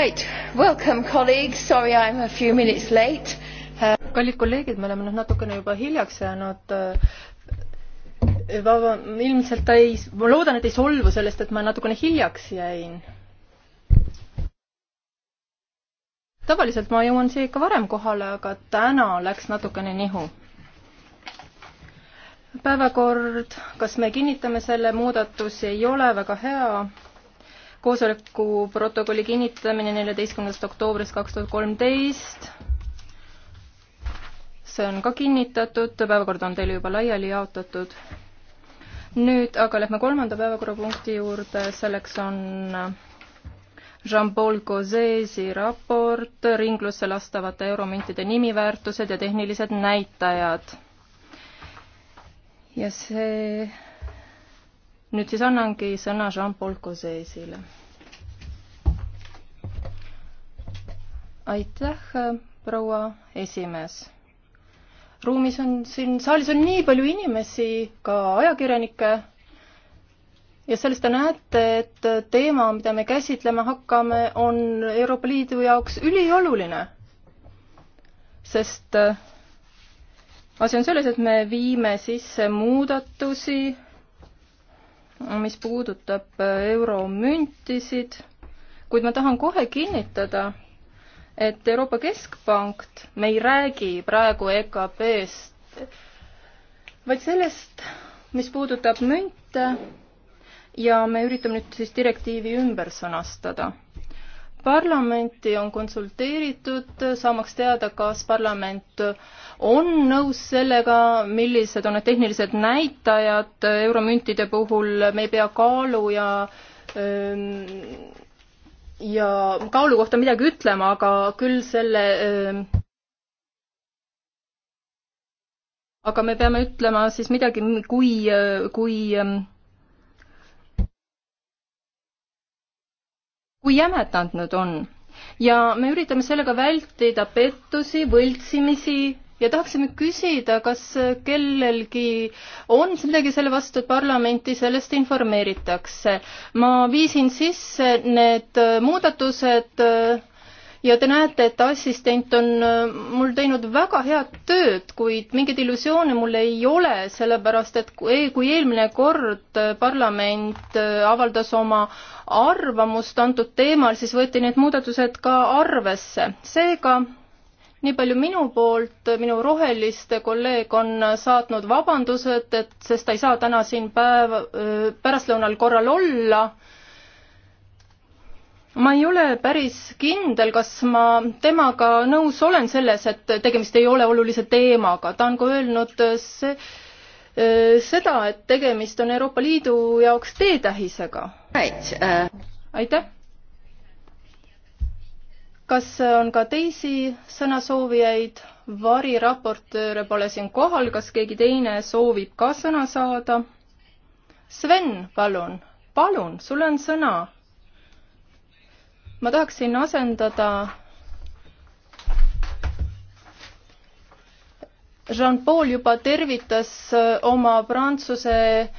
Right, welcome colleagues, sorry I am a few minutes late uh.... kallid kolleegid, me oleme nüüd natukene juba hiljaks jäänud. Vaba, ilmselt ta ei, ma loodan, et ei solvu sellest, et ma natukene hiljaks jäin. tavaliselt ma jõuan siia ikka varem kohale, aga täna läks natukene nihu päevakord, kas me kinnitame selle, muudatusi ei ole, väga hea koosoleku protokolli kinnitamine neljateistkümnendast oktoobrist kaks tuhat kolmteist. see on ka kinnitatud, päevakord on teile juba laiali jaotatud. nüüd aga lähme kolmanda päevakorrapunkti juurde, selleks on Jean-Paul Gauzesi raport ringlusse lastavate euromüntide nimiväärtused ja tehnilised näitajad. ja see nüüd siis annangi sõna Jean-Paul Cause'sile. aitäh, proua esimees. ruumis on siin, saalis on nii palju inimesi, ka ajakirjanikke, ja sellest te näete, et teema, mida me käsitlema hakkame, on Euroopa Liidu jaoks ülioluline. sest äh, asi on selles, et me viime sisse muudatusi mis puudutab äh, euromüntisid, kuid ma tahan kohe kinnitada, et Euroopa Keskpank, me ei räägi praegu EKP-st, vaid sellest, mis puudutab münte ja me üritame nüüd siis direktiivi ümber sõnastada parlamenti on konsulteeritud, saamaks teada, kas parlament on nõus sellega, millised on need tehnilised näitajad euromüntide puhul, me ei pea kaalu ja ähm, ja kaalu kohta midagi ütlema, aga küll selle ähm, aga me peame ütlema siis midagi, kui, kui ähm, kui jämedad nad on ja me üritame sellega vältida pettusi, võltsimisi ja tahaksime küsida, kas kellelgi on midagi selle vastu, et parlamenti sellest informeeritakse. ma viisin sisse need muudatused ja te näete, et assistent on äh, mul teinud väga head tööd, kuid mingeid illusioone mul ei ole, sellepärast et kui, e-, kui eelmine kord äh, parlament äh, avaldas oma arvamust antud teemal, siis võeti need muudatused ka arvesse. seega nii palju minu poolt, minu roheliste kolleeg on saatnud vabandused, et sest ta ei saa täna siin päeva, pärastlõunal korral olla ma ei ole päris kindel, kas ma temaga nõus olen selles, et tegemist ei ole olulise teemaga, ta on ka öelnud äh, see, äh, seda, et tegemist on Euroopa Liidu jaoks teetähisega right,. Uh... aitäh. kas on ka teisi sõnasoovijaid? variraportööre pole siin kohal, kas keegi teine soovib ka sõna saada? Sven, palun, palun, sul on sõna ma tahaksin asendada Jean-Paul juba tervitas äh, oma prantsuse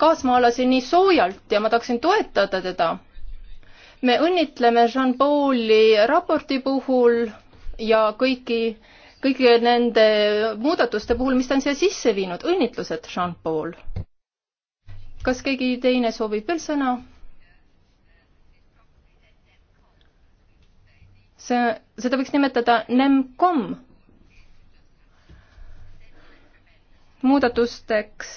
kaasmaalasi nii soojalt ja ma tahaksin toetada teda. me õnnitleme Jean-Pauli raporti puhul ja kõiki, kõigi nende muudatuste puhul, mis ta on siia sisse viinud. õnnitlused, Jean-Paul! kas keegi teine soovib veel sõna? see, seda võiks nimetada NEMCOM. muudatusteks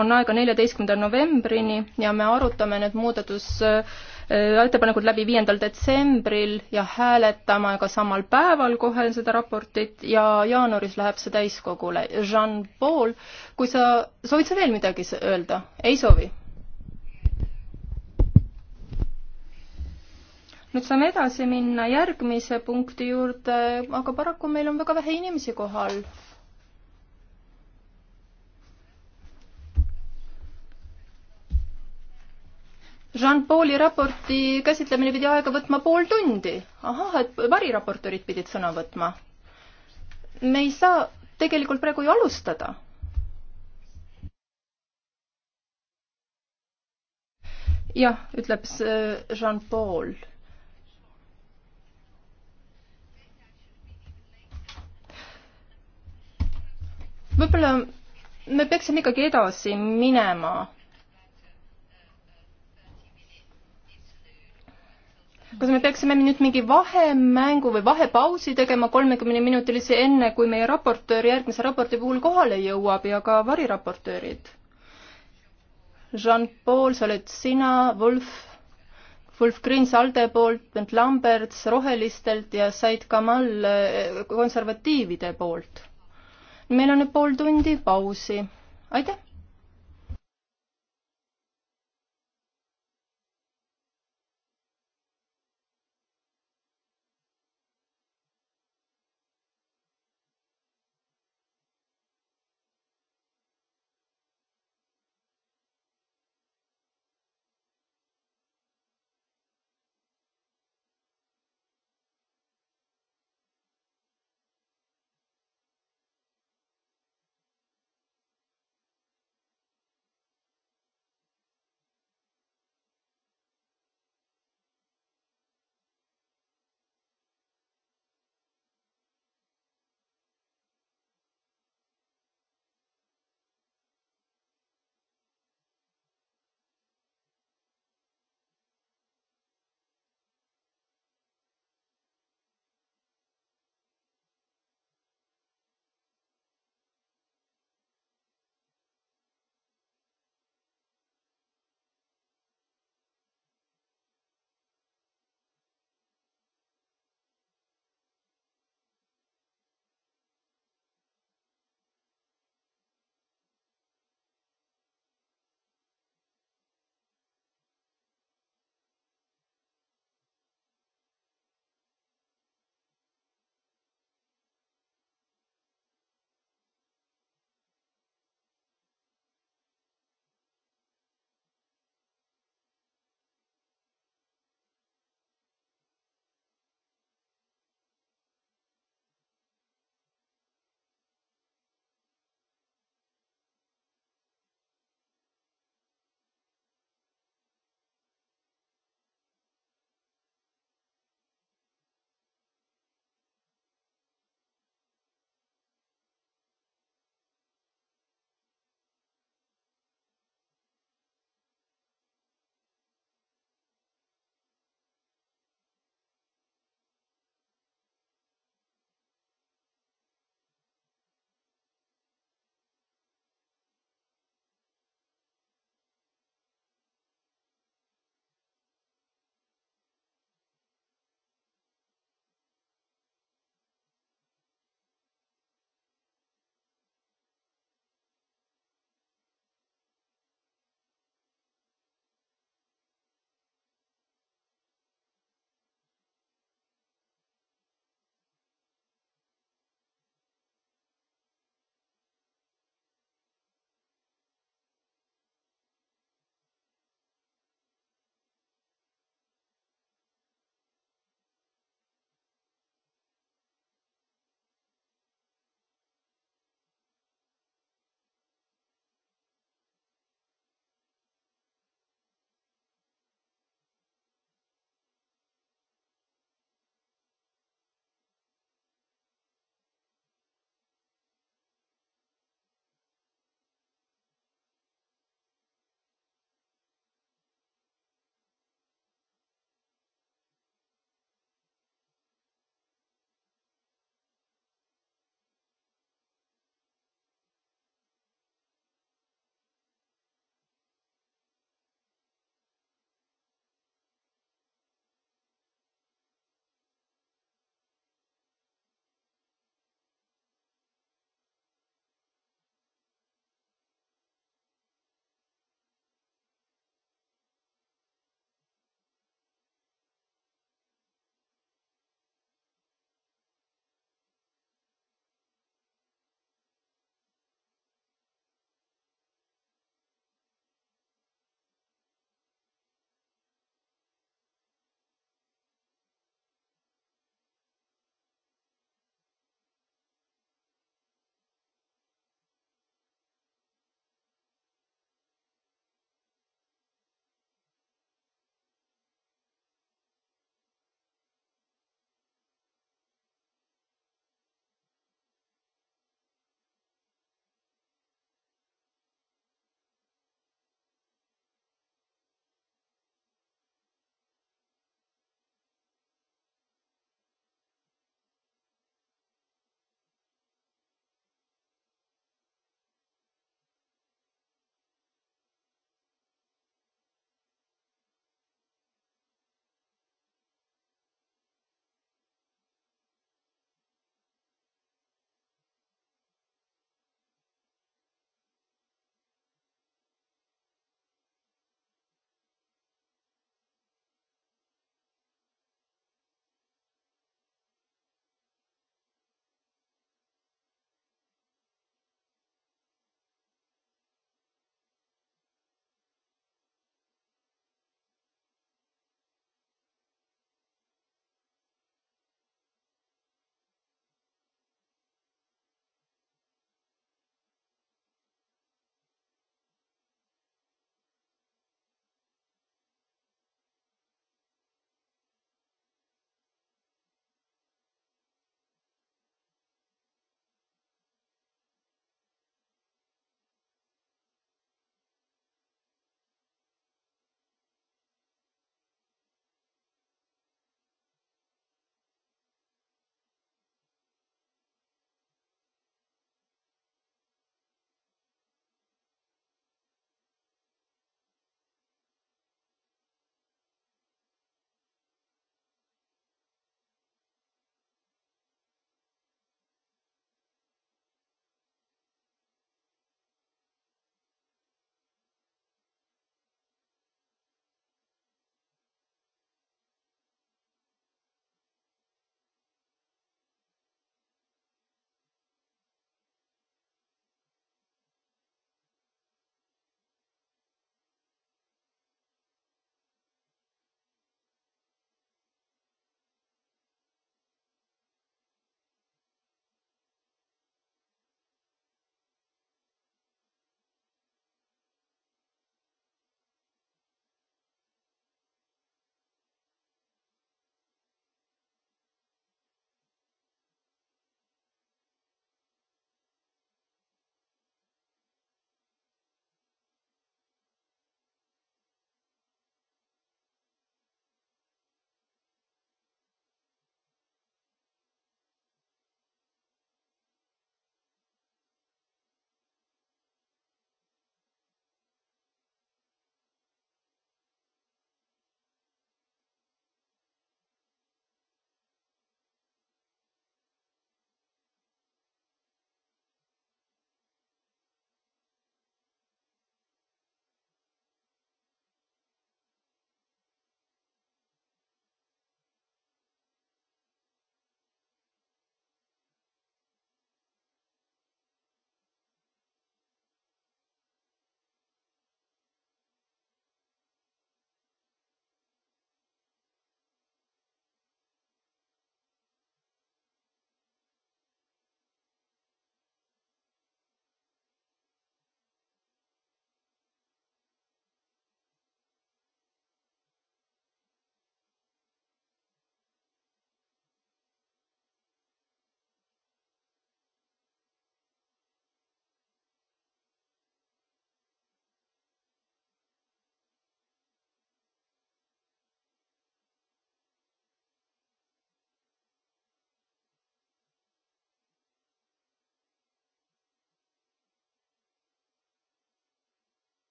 on aega neljateistkümnenda novembrini ja me arutame need muudatusettepanekud äh, läbi viiendal detsembril ja hääletame ka samal päeval kohe seda raportit ja jaanuaris läheb see täiskogule. Jean-Paul, kui sa, soovid sa veel midagi öelda? ei soovi? nüüd saame edasi minna järgmise punkti juurde, aga paraku meil on väga vähe inimesi kohal. Jean-Pauli raporti käsitlemine pidi aega võtma pool tundi. ahah, et variraportöörid pidid sõna võtma. me ei saa tegelikult praegu ju alustada jah, ütleb Jean-Paul võib-olla me peaksime ikkagi edasi minema. kas me peaksime nüüd mingi vahemängu või vahepausi tegema kolmekümne minutilise, enne kui meie raportöör järgmise raporti puhul kohale jõuab ja ka variraportöörid? Jean-Paul, sa oled sina, Wolf, Wolf Grins ALDE poolt, Bent Lamberts Rohelistelt ja Said Kamal konservatiivide poolt meil on nüüd pool tundi pausi. aitäh!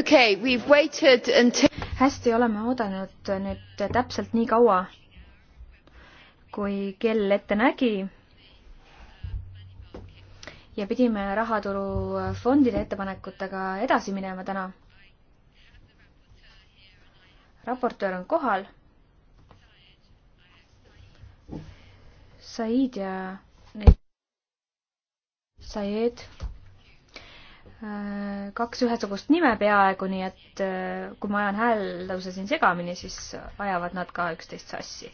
okay, until... hästi, oleme oodanud nüüd täpselt nii kaua, kui kell ette nägi. ja pidime rahaturufondide ettepanekutega edasi minema täna. raportöör on kohal. Said ja neid, Said. Äh, kaks ühesugust nime peaaegu, nii et äh, kui ma ajan häälduse siin segamini, siis ajavad nad ka üksteist sassi.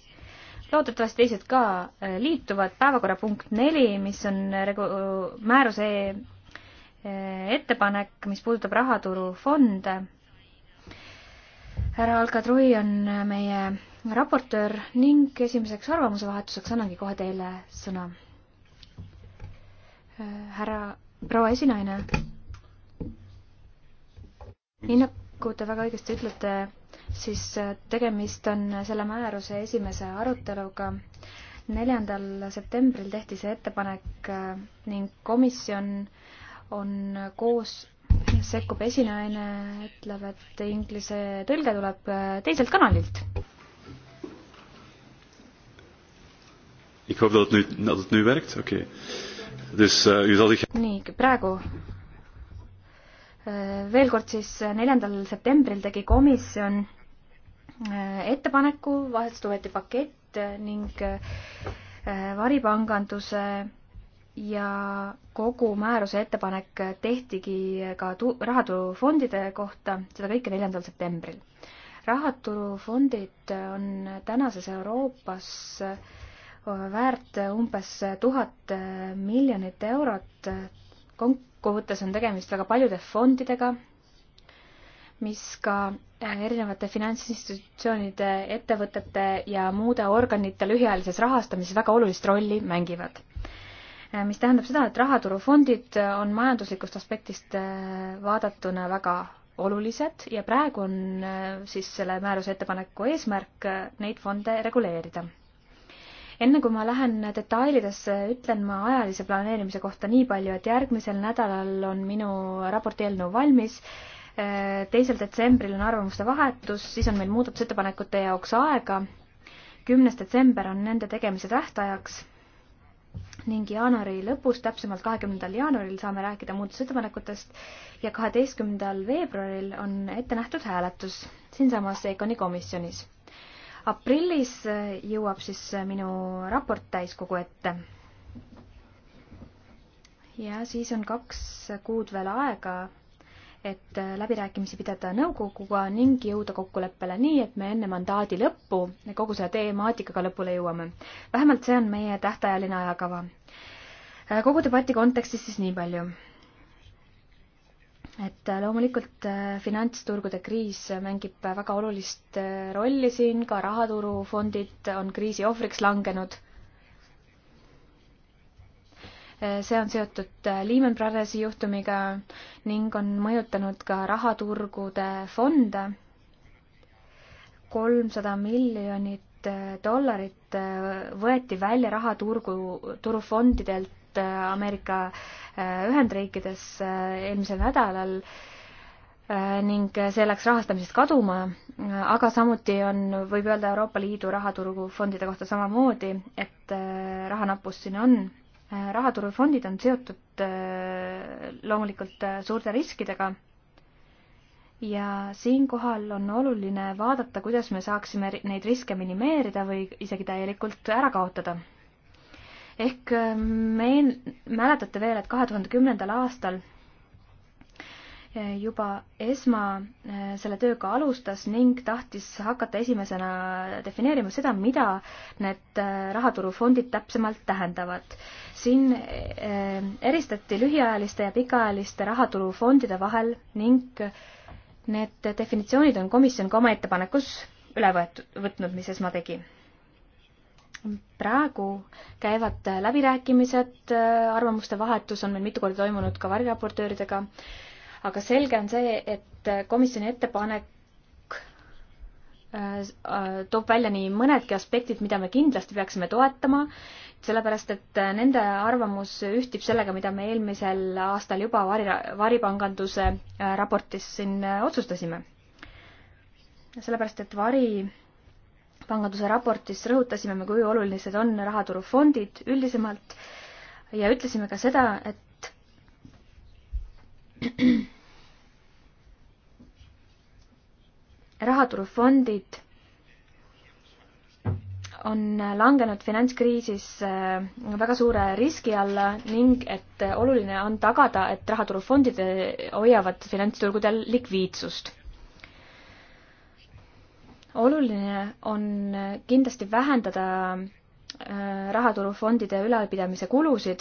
loodetavasti teised ka äh, liituvad. päevakorrapunkt neli, mis on regu-, määruse ettepanek, mis puudutab rahaturufonde. härra Alkatrui on meie raportöör ning esimeseks arvamuse vahetuseks annangi kohe teile sõna. härra, proua esinaine nii nagu te väga õigesti ütlete, siis äh, tegemist on selle määruse esimese aruteluga. neljandal septembril tehti see ettepanek äh, ning komisjon on koos sekkub esinaine, ütleb, et inglise tõlge tuleb äh, teiselt kanalilt. Eh, nii, praegu Äh, veel kord siis äh, neljandal septembril tegi komisjon äh, ettepaneku, vastu võeti pakett ning varipanganduse ja kogu määruse ettepanek tehtigi ka tu-, rahaturufondide kohta, seda kõike neljandal septembril. rahaturufondid on tänases Euroopas väärt umbes tuhat miljonit eurot, kon-, kokkuvõttes on tegemist väga paljude fondidega, mis ka äh, erinevate finantsinstitutsioonide, ettevõtete ja muude organite lühiajalises rahastamises väga olulist rolli mängivad. Äh, mis tähendab seda, et rahaturufondid äh, on majanduslikust aspektist vaadatuna väga olulised ja praegu on siis selle määruse ettepaneku eesmärk neid fonde reguleerida enne kui ma lähen detailidesse, ütlen ma ajalise planeerimise kohta nii palju, et järgmisel nädalal on minu raporti eelnõu valmis teisel detsembril on arvamuste vahetus, siis on meil muudatusettepanekute jaoks aega. kümnes detsember on nende tegemise tähtajaks ning jaanuari lõpus, täpsemalt kahekümnendal jaanuaril saame rääkida muudatusettepanekutest ja kaheteistkümnendal veebruaril on ette nähtud hääletus siinsamas EKONi komisjonis aprillis jõuab siis minu raport täiskogu ette. ja siis on kaks kuud veel aega, et läbirääkimisi pidada nõukoguga ning jõuda kokkuleppele nii, et me enne mandaadi lõppu kogu selle temaatikaga lõpule jõuame. vähemalt see on meie tähtajaline ajakava. kogu debati kontekstis siis nii palju et äh, loomulikult äh, finantsturgude kriis mängib väga olulist äh, rolli siin, ka rahaturufondid on kriisi ohvriks langenud. see on seotud Lehman Brothersi juhtumiga ning on mõjutanud ka rahaturgude fonde. kolmsada miljonit dollarit võeti välja rahaturgu, turufondidelt Liidult äh, Ameerika äh, Ühendriikides äh, eelmisel nädalal ning see läks rahastamisest kaduma, aga samuti on, võib öelda Euroopa Liidu rahaturgu fondide kohta samamoodi, et rahanappus siin on. rahaturufondid on seotud loomulikult suurte riskidega ja siinkohal on oluline vaadata, kuidas me saaksime neid riske minimeerida või isegi täielikult ära kaotada ehk ähm, meen-, mäletate veel, et kahe tuhande kümnendal aastal äh, juba esma äh, selle tööga alustas ning tahtis hakata esimesena defineerima seda, mida need äh, rahaturufondid täpsemalt tähendavad. siin eristati lühiajaliste ja pikaajaliste rahaturufondide vahel ning need definitsioonid on komisjon ka oma ettepanekus üle võetud, võtnud, mis esma tegi praegu käivad läbirääkimised, äh, arvamuste vahetus on meil mitu korda toimunud ka variraportööridega, aga selge on see, et komisjoni ettepanek äh, äh, toob välja nii mõnedki aspektid, mida me kindlasti peaksime toetama, sellepärast et nende arvamus ühtib sellega, mida me eelmisel aastal juba vari, varipanganduse raportis siin otsustasime. sellepärast, et vari panganduse raportis rõhutasime me, kui olulised on rahaturufondid üldisemalt ja ütlesime ka seda, et rahaturufondid on langenud finantskriisis äh, väga suure riski alla ning et oluline on tagada, et rahaturufondid äh, hoiavad finantsturgudel likviidsust oluline on kindlasti vähendada äh, rahaturufondide ülalpidamise kulusid.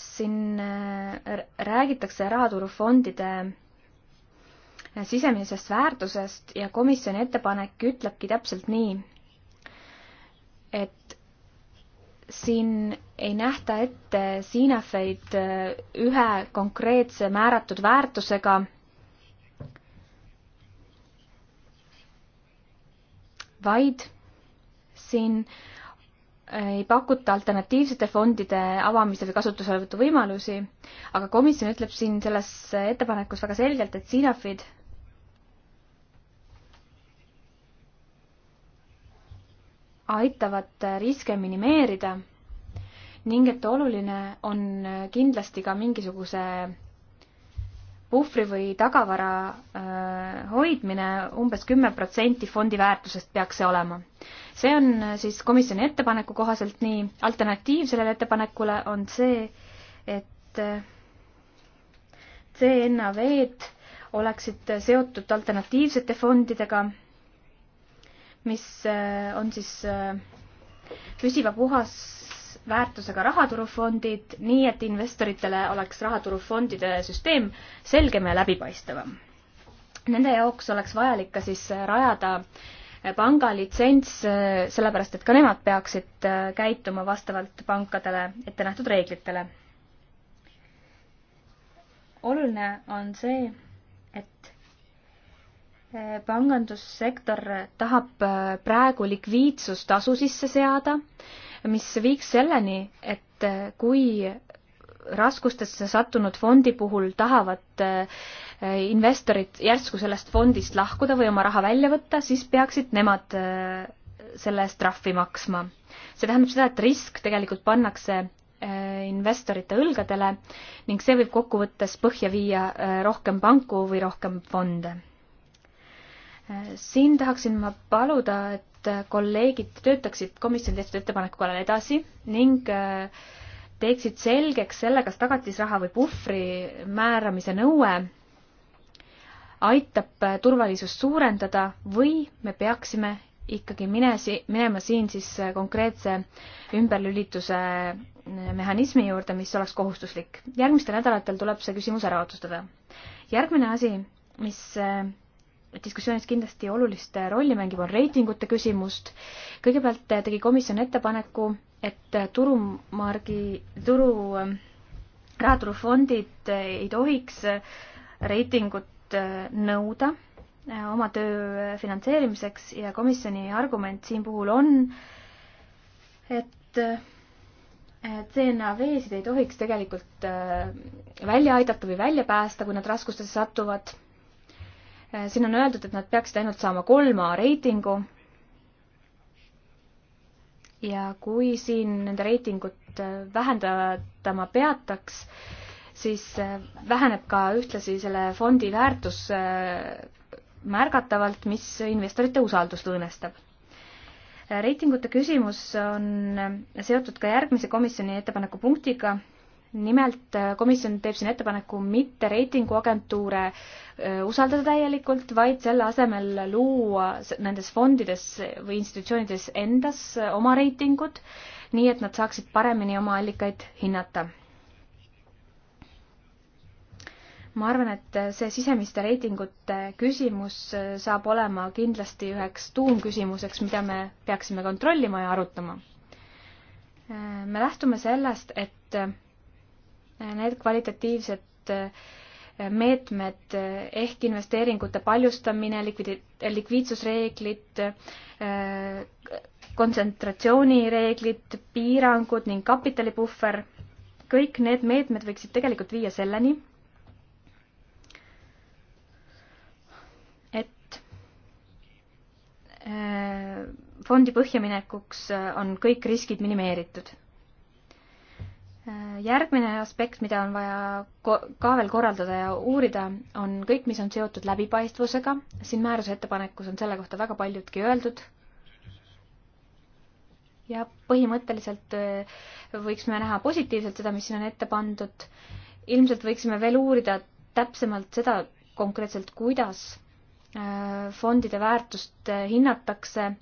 siin äh, räägitakse rahaturufondide äh, sisemisest väärtusest ja komisjoni ettepanek ütlebki täpselt nii, et siin ei nähta ette siinefeid äh, ühe konkreetse määratud väärtusega, vaid siin äh, ei pakuta alternatiivsete fondide avamise või kasutuselevõtu võimalusi, aga komisjon ütleb siin selles ettepanekus väga selgelt, et CINAFid aitavad riske minimeerida ning et oluline on kindlasti ka mingisuguse puhvri või tagavara äh, hoidmine umbes kümme protsenti fondi väärtusest peaks see olema. see on äh, siis komisjoni ettepaneku kohaselt nii, alternatiiv sellele ettepanekule on see, et äh, CNAV-d oleksid seotud alternatiivsete fondidega mis äh, on siis äh, püsiva puhas väärtusega rahaturufondid, nii et investoritele oleks rahaturufondide süsteem selgem ja läbipaistvam. Nende jaoks oleks vajalik ka siis rajada pangalitsents, äh, sellepärast et ka nemad peaksid käituma vastavalt pankadele ette nähtud reeglitele. oluline on see, et pangandussektor tahab äh, praegu likviidsustasu sisse seada, mis viiks selleni, et äh, kui raskustesse sattunud fondi puhul tahavad äh, investorid järsku sellest fondist lahkuda või oma raha välja võtta, siis peaksid nemad selle eest trahvi maksma. see tähendab seda, et risk tegelikult pannakse investorite õlgadele ning see võib kokkuvõttes põhja viia rohkem panku või rohkem fonde siin tahaksin ma paluda, et kolleegid töötaksid komisjoni tehtud ettepaneku kallal edasi ning äh, teeksid selgeks selle, kas tagatisraha või puhvri määramise nõue aitab äh, turvalisust suurendada või me peaksime ikkagi mine, minema siin siis äh, konkreetse ümberlülituse mehhanismi juurde, mis oleks kohustuslik. järgmistel nädalatel tuleb see küsimus ära otsustada. järgmine asi, mis diskussioonis kindlasti olulist rolli mängib, on reitingute küsimust. kõigepealt tegi komisjon ettepaneku, et turumargi, turu ähm, rahaturufondid ei tohiks reitingut äh, nõuda äh, oma töö finantseerimiseks ja komisjoni argument siin puhul on, et äh, CNAV-sid ei tohiks tegelikult välja aidata või välja päästa, kui nad raskustesse satuvad Äh, siin on öeldud, et nad peaksid ainult saama kolm A reitingu. ja kui siin nende reitingut äh, vähendama peataks, siis äh, väheneb ka ühtlasi selle fondi väärtus märgatavalt, mis investorite usaldust õõnestab. reitingute küsimus on seotud ka järgmise komisjoni ettepaneku punktiga nimelt äh, komisjon teeb siin ettepaneku mitte reitinguagentuure äh, usaldada täielikult, vaid selle asemel luua nendes fondides või institutsioonides endas äh, oma reitingud, nii et nad saaksid paremini oma allikaid hinnata. ma arvan, et see sisemiste reitingute küsimus saab olema kindlasti üheks tuumküsimuseks, mida me peaksime kontrollima ja arutama. me lähtume sellest, et need kvalitatiivsed äh, meetmed äh, ehk investeeringute paljustamine, likviid-, likviidsusreeglid, äh, kontsentratsioonireeglid, piirangud ning kapitalipuhver, kõik need meetmed võiksid tegelikult viia selleni, et fondi põhjaminekuks on kõik riskid minimeeritud järgmine aspekt, mida on vaja ka veel korraldada ja uurida, on kõik, mis on seotud läbipaistvusega. siin määruse ettepanekus on selle kohta väga paljudki öeldud. ja põhimõtteliselt äh, võiks me näha positiivselt seda, mis siin on ette pandud. ilmselt võiksime veel uurida täpsemalt seda konkreetselt, kuidas äh, fondide väärtust äh, hinnatakse,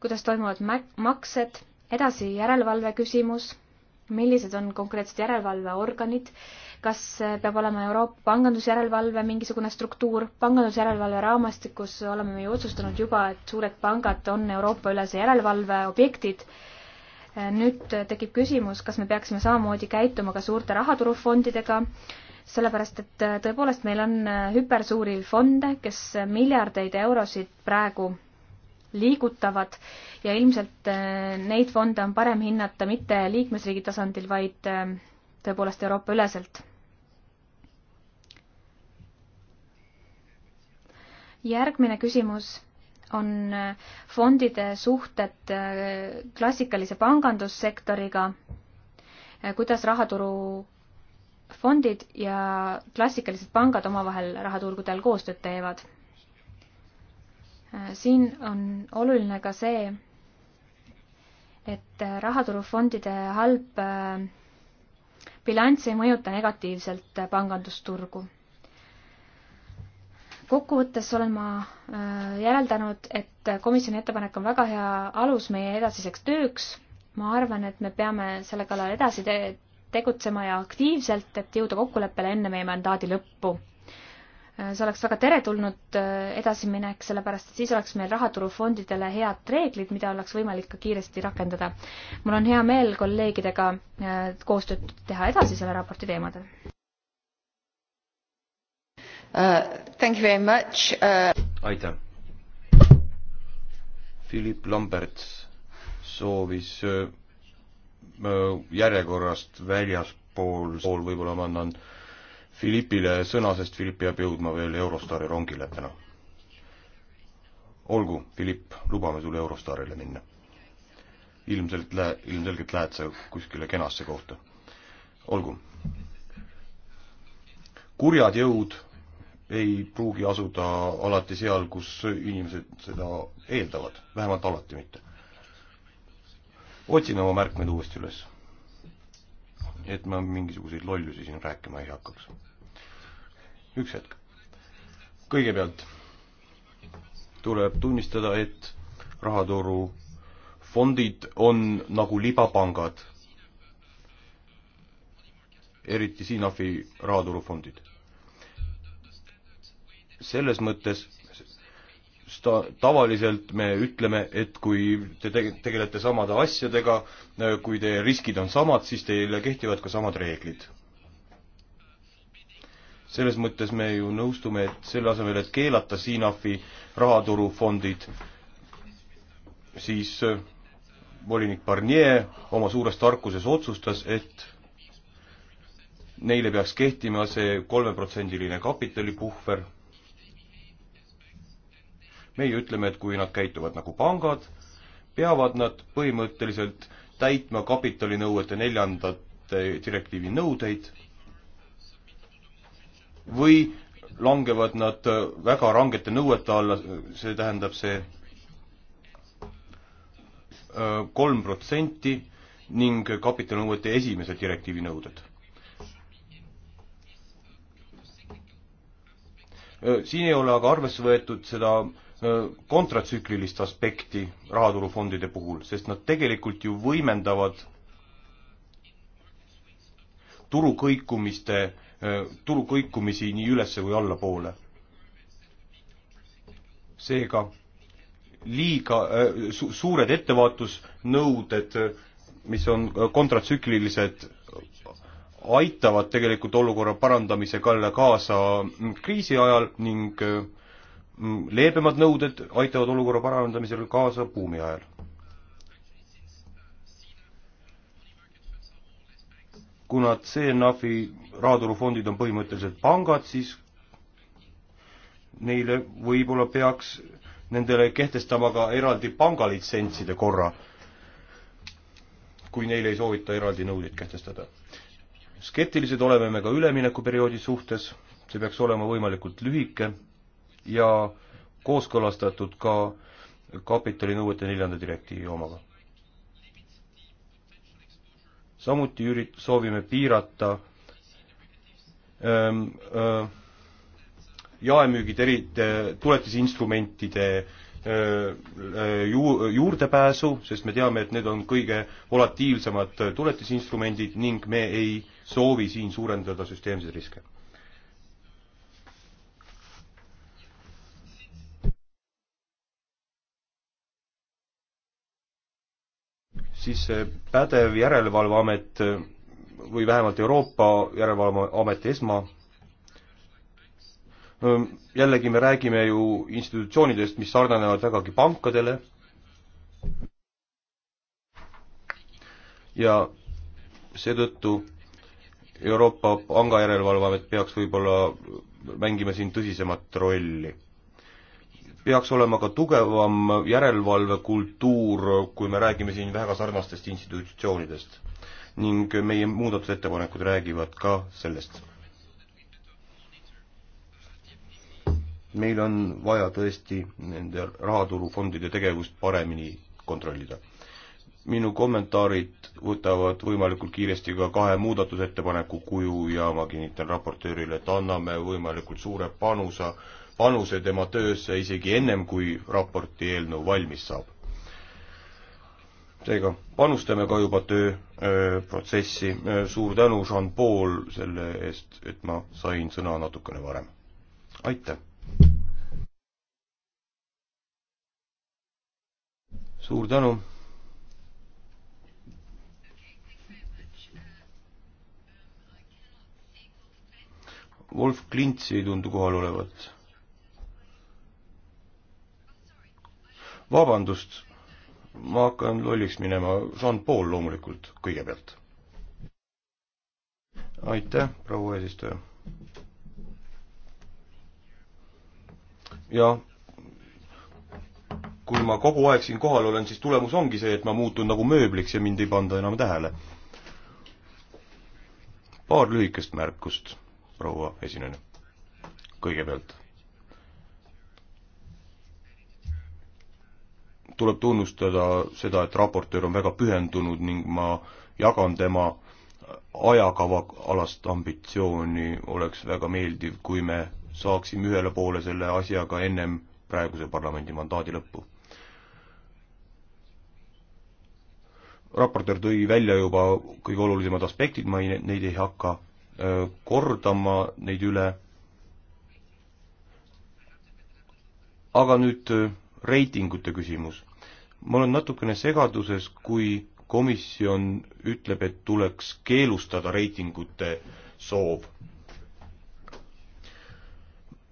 kuidas toimuvad maksed, edasi järelevalve küsimus millised on konkreetsed järelevalveorganid, kas peab olema Euroopa pangandusjärelevalve mingisugune struktuur, pangandusjärelevalve raamastikus oleme me ju otsustanud juba, et suured pangad on Euroopa-ülese järelevalve objektid. nüüd tekib küsimus, kas me peaksime samamoodi käituma ka suurte rahaturufondidega, sellepärast et tõepoolest meil on hüpersuuri fonde, kes miljardeid eurosid praegu liigutavad ja ilmselt äh, neid fonde on parem hinnata mitte liikmesriigi tasandil, vaid äh, tõepoolest Euroopa üleselt. järgmine küsimus on äh, fondide suhted klassikalise pangandussektoriga, kuidas rahaturu fondid ja klassikalised pangad omavahel rahaturgudel koostööd teevad Äh, siin on oluline ka see, et äh, rahaturufondide halb äh, bilanss ei mõjuta negatiivselt pangandusturgu. kokkuvõttes olen ma järeldanud, et komisjoni ettepanek on väga hea alus meie edasiseks tööks. ma arvan, et me peame selle kallal edasi te tegutsema ja aktiivselt, et jõuda kokkuleppele enne meie mandaadi lõppu see oleks väga teretulnud äh, edasiminek, sellepärast et siis oleks meil rahaturufondidele head reeglid, mida oleks võimalik ka kiiresti rakendada. mul on hea meel kolleegidega äh, koostööd teha edasi selle raporti teemadel uh,. Thank you very much uh.... aitäh. Philip Lambert soovis uh, järjekorrast väljaspool, võib-olla ma annan uh, Philippile sõna, sest Philipp peab jõudma veel Eurostari rongile täna. olgu, Philipp, lubame sul Eurostarile minna. ilmselt lä-, ilmselgelt lähed sa kuskile kenasse kohta. olgu. kurjad jõud ei pruugi asuda alati seal, kus inimesed seda eeldavad, vähemalt alati mitte. otsime oma märkmed uuesti üles. et ma mingisuguseid lollusi siin rääkima ei hakkaks üks hetk. kõigepealt tuleb tunnistada, et rahaturu fondid on nagu libapangad. eriti Siinafi rahaturufondid. selles mõttes sta-, tavaliselt me ütleme, et kui te tegelete samade asjadega, kui teie riskid on samad, siis teile kehtivad ka samad reeglid selles mõttes me ju nõustume, et selle asemel, et keelata CNAF-i rahaturufondid, siis äh, volinik Barnier oma suures tarkuses otsustas, et neile peaks kehtima see kolmeprotsendiline kapitalipuhver. meie ütleme, et kui nad käituvad nagu pangad, peavad nad põhimõtteliselt täitma kapitalinõuete neljandate direktiivi nõudeid või langevad nad äh, väga rangete nõuete alla, see tähendab see äh, kolm protsenti ning kapitalinõuete esimese direktiivi nõuded. Äh, siin ei ole aga arvesse võetud seda kontratsüklilist aspekti rahaturufondide puhul, sest nad tegelikult ju võimendavad turu kõikumiste Äh, turu kõikumisi nii ülesse kui allapoole. seega liiga äh, su-, suured ettevaatusnõuded, mis on äh, kontratsüklilised, aitavad tegelikult olukorra parandamise kalle kaasa kriisi ajal ning leebemad nõuded aitavad olukorra parandamisel kaasa buumi ajal kuna CNAF-i rahaturufondid on põhimõtteliselt pangad, siis neile võib-olla peaks nendele kehtestama ka eraldi pangalitsentside korra, kui neile ei soovita eraldi nõudeid kehtestada. skeptilised oleme me ka üleminekuperioodi suhtes, see peaks olema võimalikult lühike ja kooskõlastatud ka kapitalinõuete neljanda direktiivi omaga samuti ürit-, soovime piirata ähm, äh, jaemüügi teri-, tuletisinstrumentide äh, äh, ju-, juurdepääsu, sest me teame, et need on kõige volatiilsemad tuletisinstrumendid ning me ei soovi siin suurendada süsteemseid riske. siis see pädev järelevalveamet või vähemalt Euroopa Järelevalveamet ESMA, jällegi me räägime ju institutsioonidest, mis sarnanevad vägagi pankadele ja seetõttu Euroopa Pangajärelevalveamet peaks võib-olla mängima siin tõsisemat rolli peaks olema ka tugevam järelevalvekultuur, kui me räägime siin väga sarnastest institutsioonidest. ning meie muudatusettepanekud räägivad ka sellest. meil on vaja tõesti nende rahaturufondide tegevust paremini kontrollida. minu kommentaarid võtavad võimalikult kiiresti ka kahe muudatusettepaneku kuju ja ma kinnitan raportöörile, et anname võimalikult suure panuse panuse tema töösse isegi ennem, kui raporti eelnõu valmis saab. seega panustame ka juba tööprotsessi, suur tänu, Jean-Paul, selle eest, et ma sain sõna natukene varem. aitäh! suur tänu! Wolf Klintsi ei tundu kohal olevat vabandust, ma hakkan lolliks minema, Jean-Paul loomulikult kõigepealt. aitäh, proua eesistuja. jah, kui ma kogu aeg siin kohal olen, siis tulemus ongi see, et ma muutun nagu mööbliks ja mind ei panda enam tähele. paar lühikest märkust, proua esinejana. kõigepealt tuleb tunnustada seda, et raportöör on väga pühendunud ning ma jagan tema ajakava alast ambitsiooni, oleks väga meeldiv, kui me saaksime ühele poole selle asjaga ennem praeguse parlamendi mandaadi lõppu. raportöör tõi välja juba kõige olulisemad aspektid, ma ei, neid ei hakka kordama neid üle. aga nüüd reitingute küsimus. ma olen natukene segaduses, kui komisjon ütleb, et tuleks keelustada reitingute soov.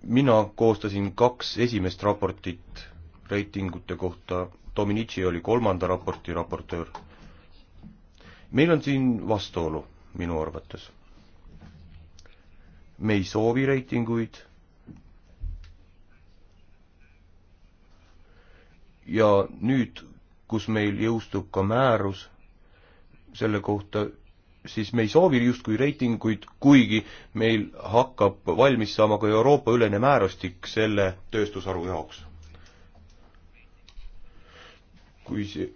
mina koostasin kaks esimest raportit reitingute kohta, Dominici oli kolmanda raporti raportöör. meil on siin vastuolu minu arvates. me ei soovi reitinguid ja nüüd, kus meil jõustub ka määrus selle kohta, siis me ei soovi justkui reitinguid, kuigi meil hakkab valmis saama ka Euroopa-ülene määrustik selle tööstusharu jaoks. kui see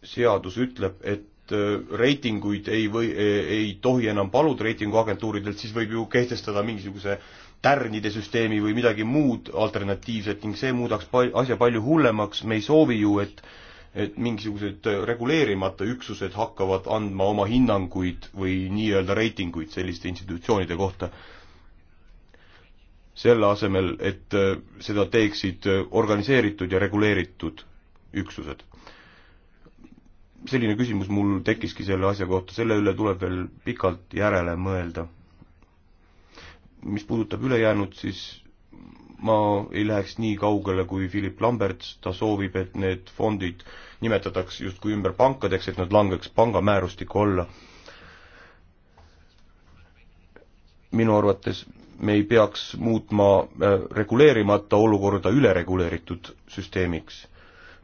seadus ütleb, et äh, reitinguid ei või, ei tohi enam paluda reitinguagentuuridelt, siis võib ju kehtestada mingisuguse äh, tärnide süsteemi või midagi muud alternatiivset ning see muudaks pal asja palju hullemaks, me ei soovi ju, et et mingisugused reguleerimata üksused hakkavad andma oma hinnanguid või nii-öelda reitinguid selliste institutsioonide kohta. selle asemel, et äh, seda teeksid äh, organiseeritud ja reguleeritud üksused. selline küsimus mul tekkiski selle asja kohta, selle üle tuleb veel pikalt järele mõelda mis puudutab ülejäänut, siis ma ei läheks nii kaugele kui Philip Lambert, ta soovib, et need fondid nimetataks justkui ümber pankadeks, et nad langeks pangamäärustiku alla. minu arvates me ei peaks muutma äh, reguleerimata olukorda ülereguleeritud süsteemiks.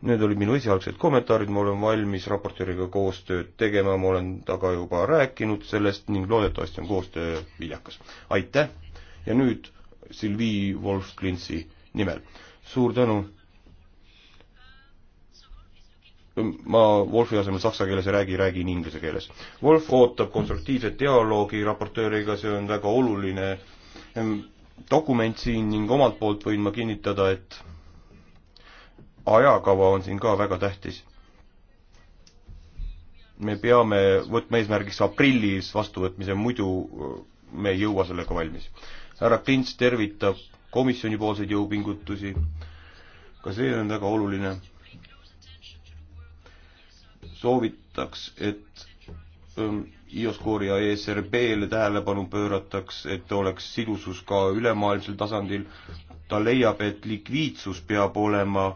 Need olid minu esialgsed kommentaarid, ma olen valmis raportööriga koostööd tegema, ma olen taga juba rääkinud sellest ning loodetavasti on koostöö viljakas. aitäh! ja nüüd Sylvie Wolf-Klintsi nimel. suur tänu. ma Wolfi asemel saksa keeles ei räägi, räägin inglise keeles. Wolf ootab konstruktiivset dialoogi raportööriga, see on väga oluline ehm, dokument siin ning omalt poolt võin ma kinnitada, et ajakava on siin ka väga tähtis. me peame võtma eesmärgiks aprillis vastuvõtmise, muidu me ei jõua sellega valmis härra Klints tervitab komisjonipoolseid jõupingutusi, ka see on väga oluline. soovitaks, et ähm, IOSCOR ja ESRB-le tähelepanu pöörataks, et oleks sidusus ka ülemaailmsel tasandil. ta leiab, et likviidsus peab olema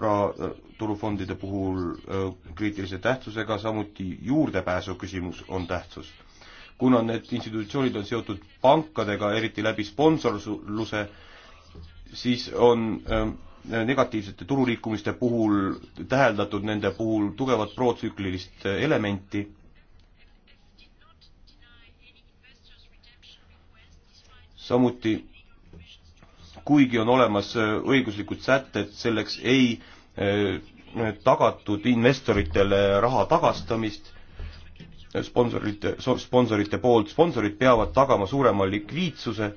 ra-, turufondide puhul äh, kriitilise tähtsusega, samuti juurdepääsu küsimus on tähtsus kuna need institutsioonid on seotud pankadega, eriti läbi sponsorluse, siis on ähm, negatiivsete turuliikumiste puhul täheldatud nende puhul tugevat protsüklilist äh, elementi samuti kuigi on olemas äh, õiguslikud sätted, selleks ei äh, tagatud investoritele raha tagastamist sponsorite, sponsorite poolt, sponsorid peavad tagama suurema likviidsuse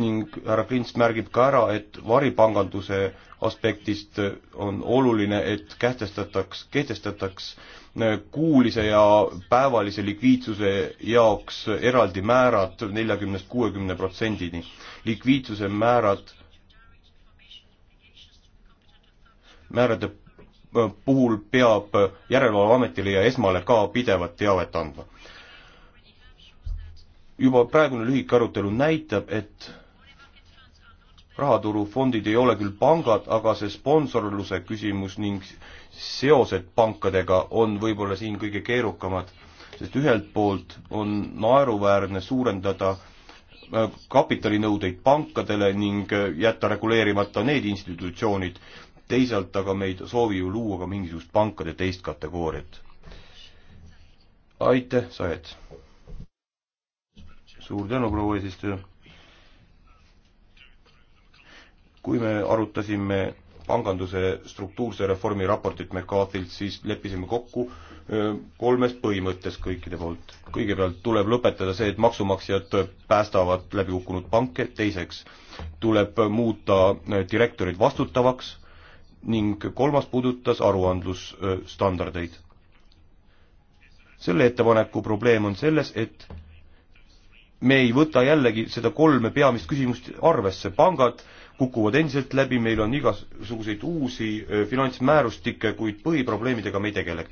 ning härra Klints märgib ka ära, et varipanganduse aspektist on oluline, et kehtestataks, kehtestataks äh, kuulise ja päevalise likviidsuse jaoks eraldi määrad neljakümnest kuuekümne protsendini. likviidsuse määrad, määrade puhul peab Järelevalveametile ja ESMA-le ka pidevat teavet andma. juba praegune lühike arutelu näitab, et rahaturufondid ei ole küll pangad, aga see sponsorluse küsimus ning seosed pankadega on võib-olla siin kõige keerukamad, sest ühelt poolt on naeruväärne suurendada äh, kapitalinõudeid pankadele ning äh, jätta reguleerimata need institutsioonid, teisalt aga me ei soovi ju luua ka mingisugust pankade teist kategooriat. aitäh, Saet! suur tänu, proua eesistuja! kui me arutasime panganduse struktuurse reformi raportit McCarthy'lt, siis leppisime kokku kolmes põhimõttes kõikide poolt. kõigepealt tuleb lõpetada see, et maksumaksjad päästavad läbikukkunud panke, teiseks tuleb muuta direktorid vastutavaks ning kolmas puudutas aruandlusstandardeid. selle ettepaneku probleem on selles, et me ei võta jällegi seda kolme peamist küsimust arvesse, pangad kukuvad endiselt läbi, meil on igasuguseid uusi äh, finantsmäärustikke, kuid põhiprobleemidega me ei tegele.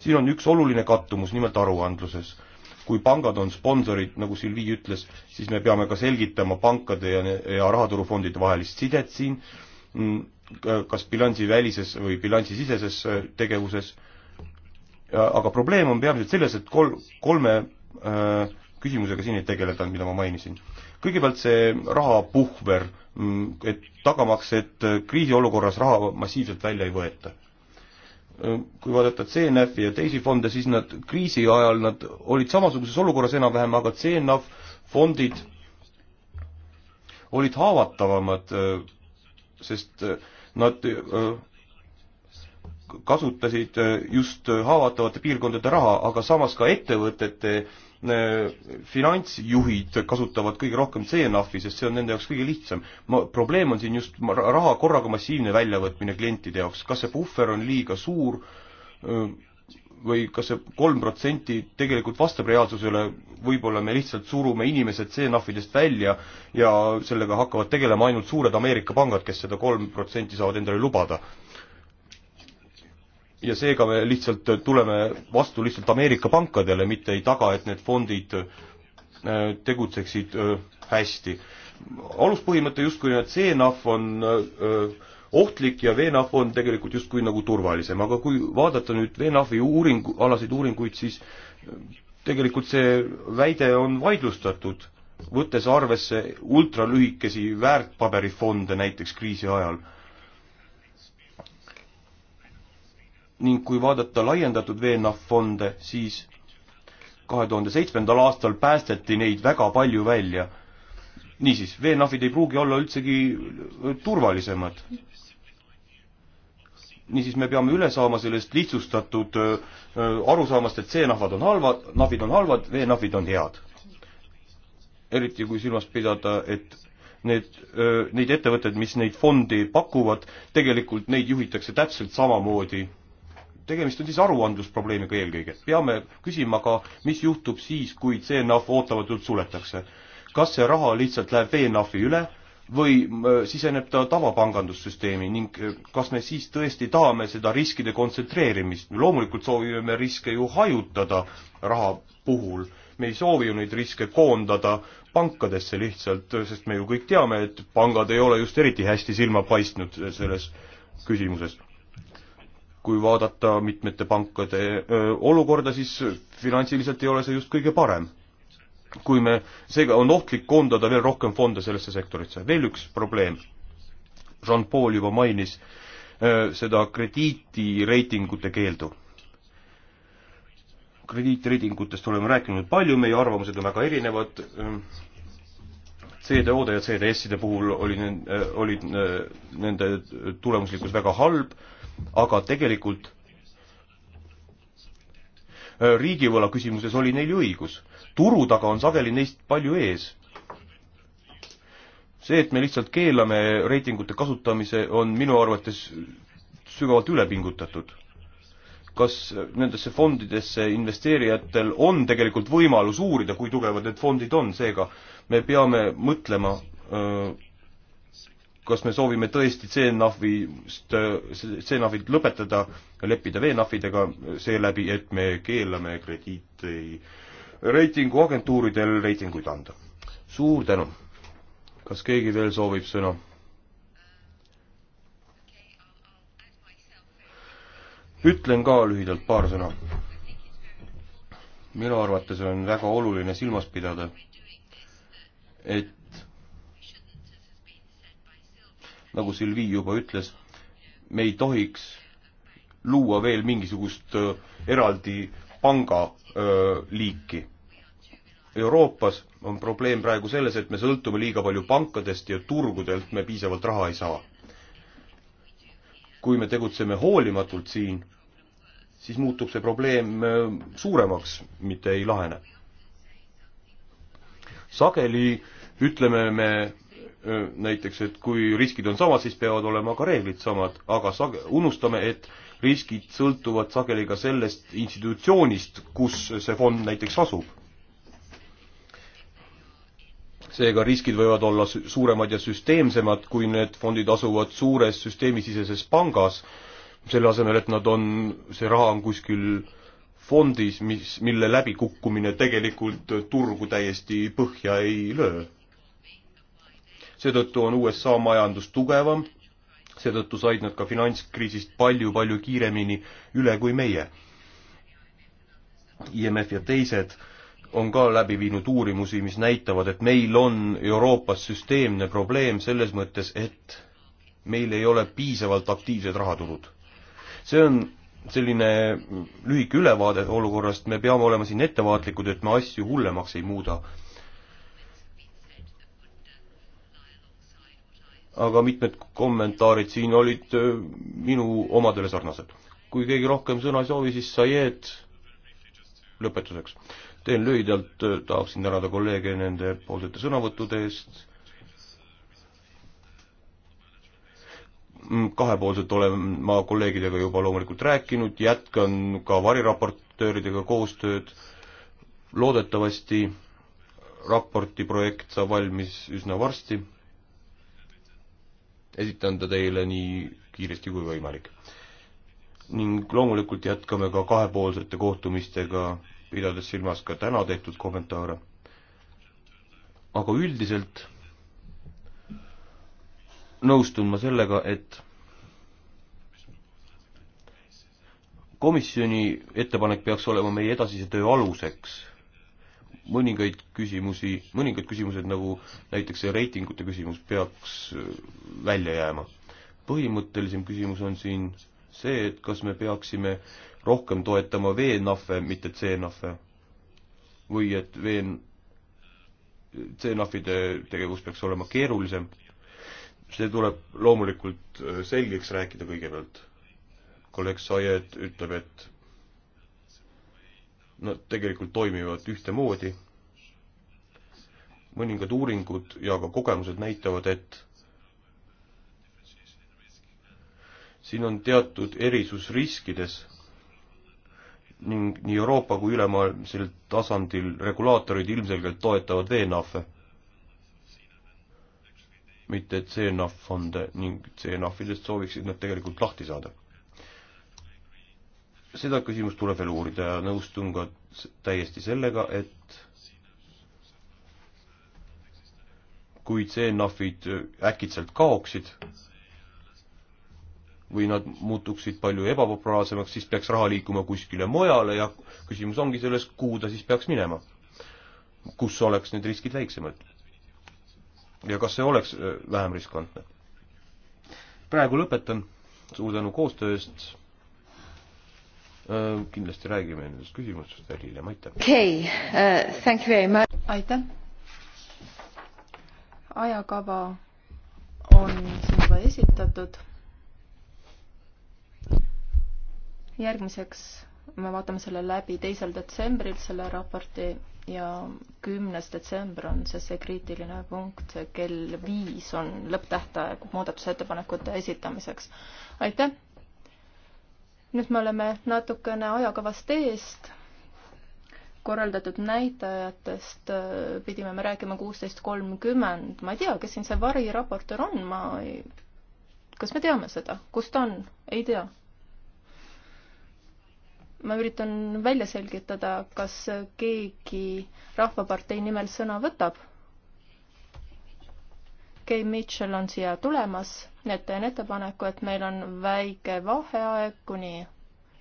siin on üks oluline kattumus, nimelt aruandluses. kui pangad on sponsorid, nagu Silvi ütles, siis me peame ka selgitama pankade ja, ja rahaturufondide vahelist sidet siin mm,, kas bilansivälises või bilansisiseses äh, tegevuses, aga probleem on peamiselt selles, et kol-, kolme äh, küsimusega siin ei tegeleta, mida ma mainisin. kõigepealt see rahapuhver, mm, et tagamaks, et äh, kriisiolukorras raha massiivselt välja ei võeta. Äh, kui vaadata CNF-i ja teisi fonde, siis nad kriisi ajal, nad olid samasuguses olukorras enam-vähem, aga CNF fondid olid haavatavamad, sest äh, nad äh, kasutasid äh, just äh, haavatavate piirkondade raha, aga samas ka ettevõtete finantsjuhid kasutavad kõige rohkem CNAF-i, sest see on nende jaoks kõige lihtsam. ma, probleem on siin just raha korraga massiivne väljavõtmine klientide jaoks, kas see puhver on liiga suur, või kas see kolm protsenti tegelikult vastab reaalsusele, võib-olla me lihtsalt surume inimesed CNAF-idest välja ja sellega hakkavad tegelema ainult suured Ameerika pangad, kes seda kolm protsenti saavad endale lubada. ja seega me lihtsalt tuleme vastu lihtsalt Ameerika pankadele, mitte ei taga, et need fondid äh, tegutseksid äh, hästi. aluspõhimõte justkui, et CNAF on öö, äh, ohtlik ja VNAF on tegelikult justkui nagu turvalisem, aga kui vaadata nüüd VNAF-i uuringu, alaseid uuringuid, siis äh, tegelikult see väide on vaidlustatud, võttes arvesse ultralühikesi väärtpaberifonde näiteks kriisi ajal. ning kui vaadata laiendatud VNAF fonde, siis kahe tuhande seitsmendal aastal päästeti neid väga palju välja niisiis, veenahvid ei pruugi olla üldsegi äh, turvalisemad niisiis me peame üle saama sellest lihtsustatud arusaamast, et seenahvad on halvad, nahvid on halvad, veenahvid on head. eriti kui silmas pidada, et need, neid ettevõtteid, mis neid fondi pakuvad, tegelikult neid juhitakse täpselt samamoodi. tegemist on siis aruandlusprobleemiga eelkõige. peame küsima ka, mis juhtub siis, kui C-NAV ootamatult suletakse. kas see raha lihtsalt läheb VNAV-i üle või äh, siseneb ta tavapangandussüsteemi ning äh, kas me siis tõesti tahame seda riskide kontsentreerimist, loomulikult soovime me riske ju hajutada raha puhul, me ei soovi ju neid riske koondada pankadesse lihtsalt, äh, sest me ju kõik teame, et pangad ei ole just eriti hästi silma paistnud selles küsimuses. kui vaadata mitmete pankade öö, olukorda, siis finantsiliselt ei ole see just kõige parem kui me, seega on ohtlik koondada veel rohkem fonde sellesse sektorisse. veel üks probleem, Jean-Paul juba mainis äh, seda krediitireitingute keeldu. krediitireitingutest oleme rääkinud palju, meie arvamused on väga erinevad, ähm, CDO-de ja CDS-ide puhul oli, äh, oli äh, nende tulemuslikkus väga halb, aga tegelikult riigivõla küsimuses oli neil ju õigus turu taga on sageli neist palju ees. see, et me lihtsalt keelame reitingute kasutamise, on minu arvates sügavalt ülepingutatud. kas nendesse fondidesse investeerijatel on tegelikult võimalus uurida, kui tugevad need fondid on, seega me peame mõtlema öö, kas me soovime tõesti CNAF-ist, CNAF-ilt lõpetada, leppida VNAF-idega seeläbi, et me keelame krediiti reitinguagentuuridel reitinguid anda. suur tänu. kas keegi veel soovib sõna? ütlen ka lühidalt paar sõna. minu arvates on väga oluline silmas pidada, et nagu Silvi juba ütles, me ei tohiks luua veel mingisugust äh, eraldi pangaliiki. Äh, Euroopas on probleem praegu selles, et me sõltume liiga palju pankadest ja turgudelt me piisavalt raha ei saa. kui me tegutseme hoolimatult siin, siis muutub see probleem äh, suuremaks, mitte ei lahene. sageli ütleme me äh, näiteks, et kui riskid on samad, siis peavad olema ka reeglid samad, aga sage-, unustame, et riskid sõltuvad sageli ka sellest institutsioonist, kus see fond näiteks asub seega riskid võivad olla suuremad ja süsteemsemad, kui need fondid asuvad suures süsteemisiseses pangas, selle asemel, et nad on, see raha on kuskil fondis, mis, mille läbikukkumine tegelikult turgu täiesti põhja ei löö. seetõttu on USA majandus tugevam, seetõttu said nad ka finantskriisist palju-palju kiiremini üle kui meie. IMF ja teised äh, on ka läbi viinud uurimusi, mis näitavad, et meil on Euroopas süsteemne probleem selles mõttes, et meil ei ole piisavalt aktiivsed rahaturud. see on selline lühike ülevaade olukorrast, me peame olema siin ettevaatlikud, et me asju hullemaks ei muuda. aga mitmed kommentaarid siin olid äh, minu omadele sarnased. kui keegi rohkem sõna ei soovi, siis Sayed lõpetuseks teen lühidalt, äh, tahaksin tänada kolleege nende poolsete sõnavõttude eest. Mm, kahepoolselt olen ma kolleegidega juba loomulikult rääkinud, jätkan ka variraportööridega koostööd. loodetavasti raporti projekt saab valmis üsna varsti. esitan ta teile nii kiiresti kui võimalik. ning loomulikult jätkame ka kahepoolsete kohtumistega pidades silmas ka täna tehtud kommentaare. aga üldiselt nõustun ma sellega, et komisjoni ettepanek peaks olema meie edasise töö aluseks. mõningaid küsimusi, mõningad küsimused, nagu näiteks see reitingute küsimus, peaks välja jääma. põhimõttelisem küsimus on siin see, et kas me peaksime rohkem toetama veenahve, mitte C-nahve. või et veen, C-nahvide tegevus peaks olema keerulisem. see tuleb loomulikult äh, selgeks rääkida kõigepealt. kolleeg Saied ütleb, et nad tegelikult toimivad ühtemoodi. mõningad uuringud ja ka kogemused näitavad, et siin on teatud erisus riskides ning nii Euroopa kui ülemaailmsel tasandil regulaatorid ilmselgelt toetavad VNAF-e, mitte CNAF fonde ning CNAF-idest sooviksid nad tegelikult lahti saada. seda küsimust tuleb veel uurida ja nõustun ka täiesti sellega, et kui CNAF-id äh, äkitselt kaoksid, või nad muutuksid palju ebapopulaarsemaks, siis peaks raha liikuma kuskile mujale ja küsimus ongi selles, kuhu ta siis peaks minema. kus oleks need riskid väiksemad. ja kas see oleks äh, vähem riskantne? praegu lõpetan, suur tänu koostöö eest. Äh, kindlasti räägime nendest küsimustest veel hiljem, aitäh. okei okay. uh,, thank you very much. aitäh. ajakava on siin juba esitatud järgmiseks me vaatame selle läbi teisel detsembril, selle raporti, ja kümnes detsember on see, see kriitiline punkt, kell viis on lõpptähtaeg muudatusettepanekute esitamiseks. aitäh! nüüd me oleme natukene ajakavast eest, korraldatud näitajatest äh, pidime me rääkima kuusteist kolmkümmend, ma ei tea, kes siin see variraportöör on, ma ei, kas me teame seda, kus ta on, ei tea ma üritan välja selgitada, kas keegi Rahvapartei nimel sõna võtab. Kay Mitchell on siia tulemas, nii et teen ettepaneku, et meil on väike vaheaeg kuni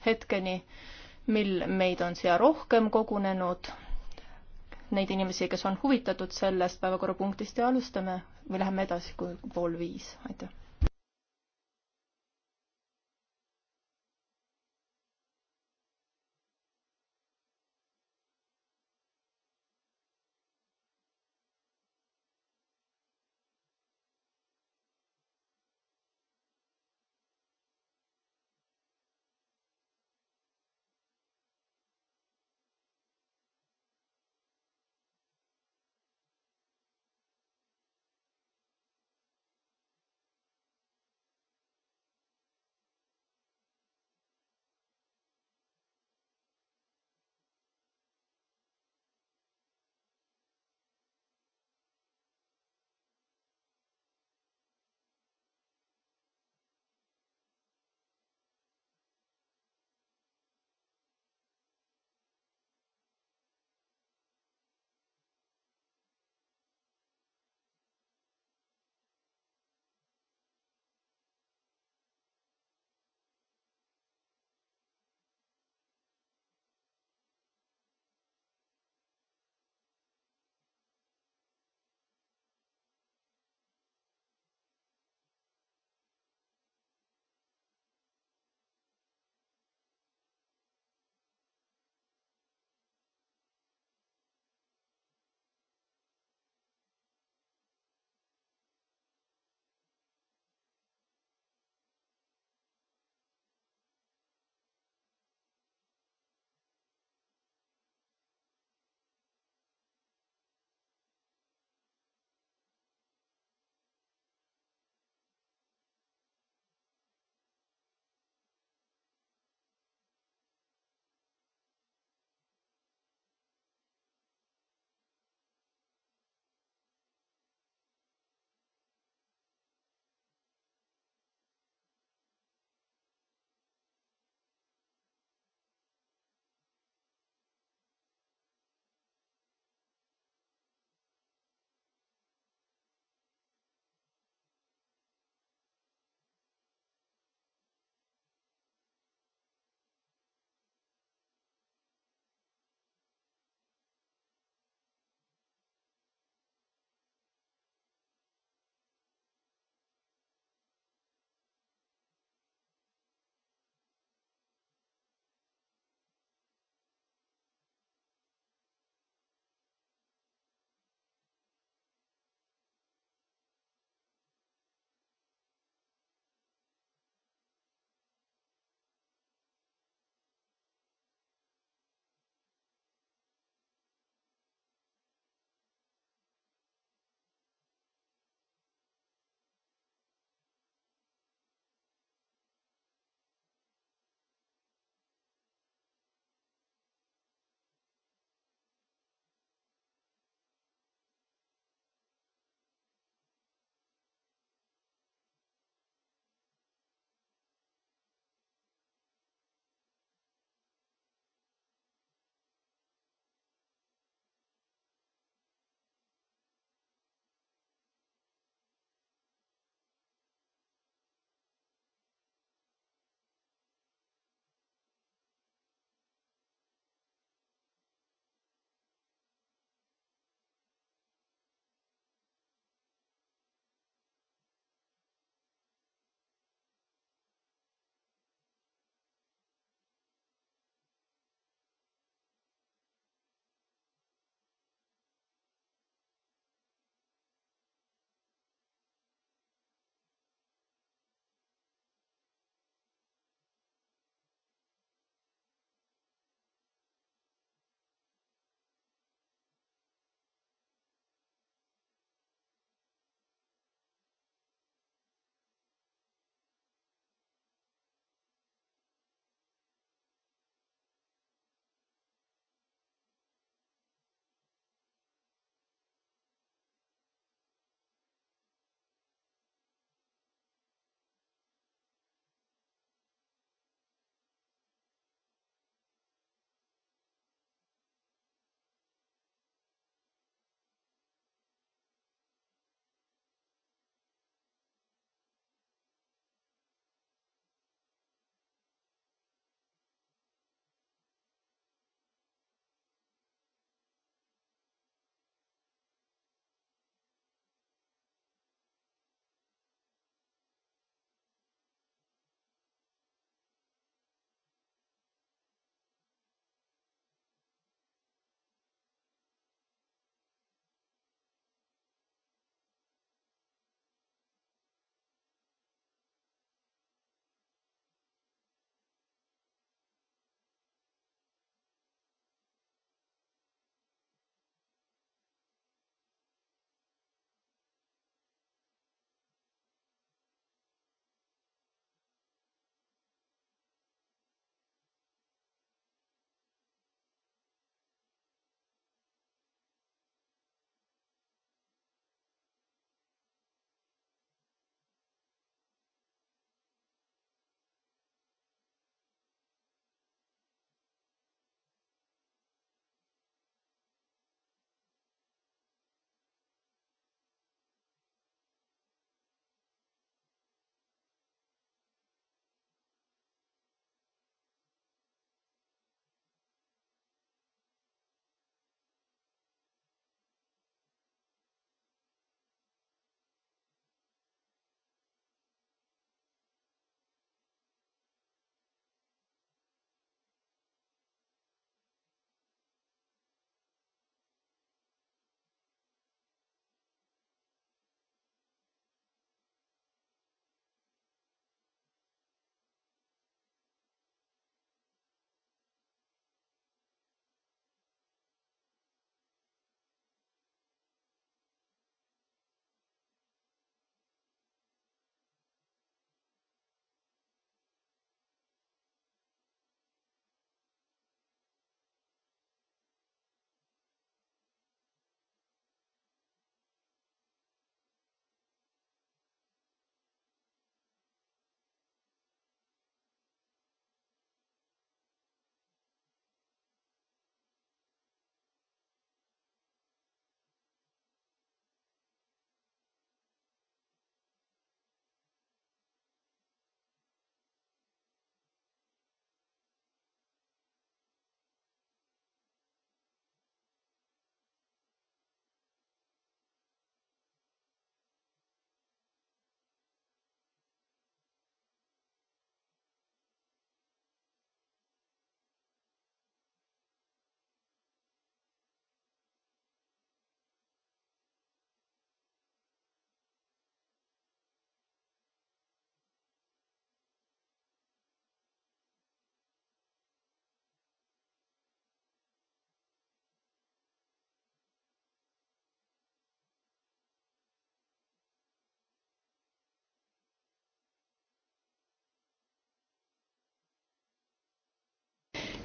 hetkeni, mil meid on siia rohkem kogunenud, neid inimesi, kes on huvitatud sellest päevakorrapunktist ja alustame või läheme edasi, kui pool viis, aitäh.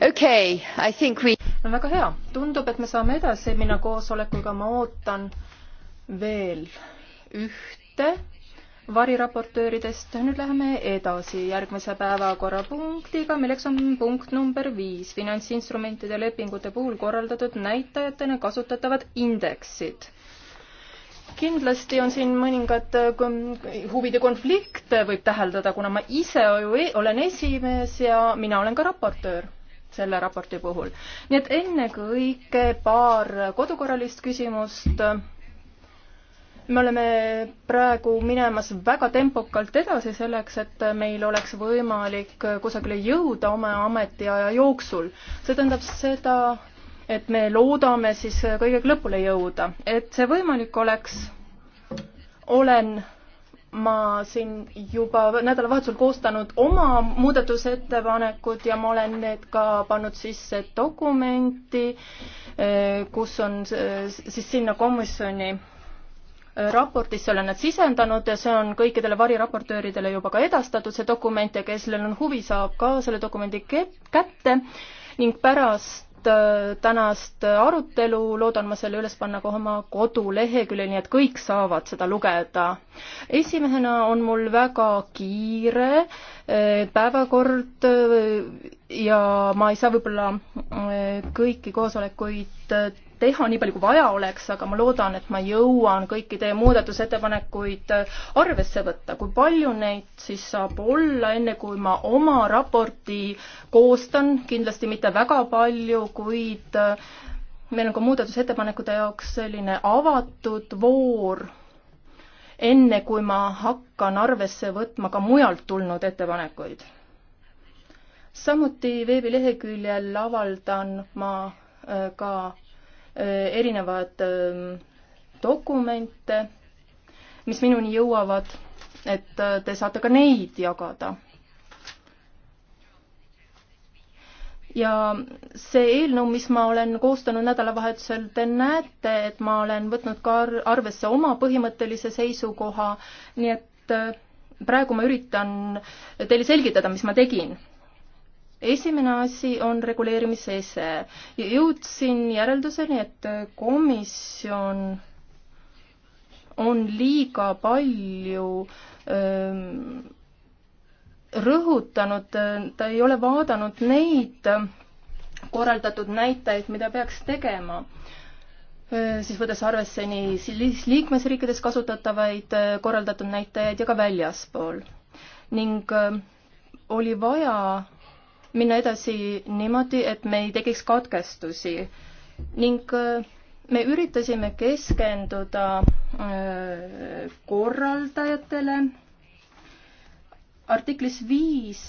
okay, we... no väga hea, tundub, et me saame edasi minna koosolekuga, ma ootan veel ühte variraportööridest. nüüd läheme edasi järgmise päevakorrapunktiga, milleks on punkt number viis, finantsinstrumentide lepingute puhul korraldatud näitajatena kasutatavad indeksid. kindlasti on siin mõningad äh, huvide konflikte võib täheldada, kuna ma ise ju e-, olen esimees ja mina olen ka raportöör selle raporti puhul. nii et ennekõike paar kodukorralist küsimust. me oleme praegu minemas väga tempokalt edasi selleks, et meil oleks võimalik kusagile jõuda oma ametiaja jooksul. see tähendab seda, et me loodame siis kõigega lõpule jõuda. et see võimalik oleks, olen ma siin juba nädalavahetusel koostanud oma muudatusettepanekud ja ma olen need ka pannud sisse dokumenti, eh, kus on siis sinna komisjoni raportisse olen nad sisendanud ja see on kõikidele variraportööridele juba ka edastatud, see dokument ja kes sellel on huvi, saab ka selle dokumendi kätte ning pärast kuulanud äh, tänast arutelu, loodan ma selle üles panna ka oma kodulehekülje, nii et kõik saavad seda lugeda. esimehena on mul väga kiire päevakord äh, ja ma ei saa võib-olla äh, kõiki koosolekuid äh, teha nii palju, kui vaja oleks, aga ma loodan, et ma jõuan kõiki teie muudatusettepanekuid arvesse võtta. kui palju neid siis saab olla, enne kui ma oma raporti koostan, kindlasti mitte väga palju, kuid meil on ka muudatusettepanekute jaoks selline avatud voor enne kui ma hakkan arvesse võtma ka mujalt tulnud ettepanekuid. samuti veebileheküljel avaldan ma äh, ka äh, erinevad ähm, dokumente, mis minuni jõuavad, et äh, te saate ka neid jagada ja see eelnõu, mis ma olen koostanud nädalavahetusel, te näete, et ma olen võtnud ka arvesse oma põhimõttelise seisukoha, nii et äh, praegu ma üritan teile selgitada, mis ma tegin esimene asi on reguleerimise ese. jõudsin järelduseni, et komisjon on liiga palju öö, ähm, rõhutanud, ta ei ole vaadanud neid korraldatud näitajaid, mida peaks tegema siis võttes arvesse nii liikmesriikides kasutatavaid korraldatud näitajaid ja ka väljaspool. ning äh, oli vaja minna edasi niimoodi, et me ei tekiks katkestusi ning äh, me üritasime keskenduda äh, korraldajatele artiklis viis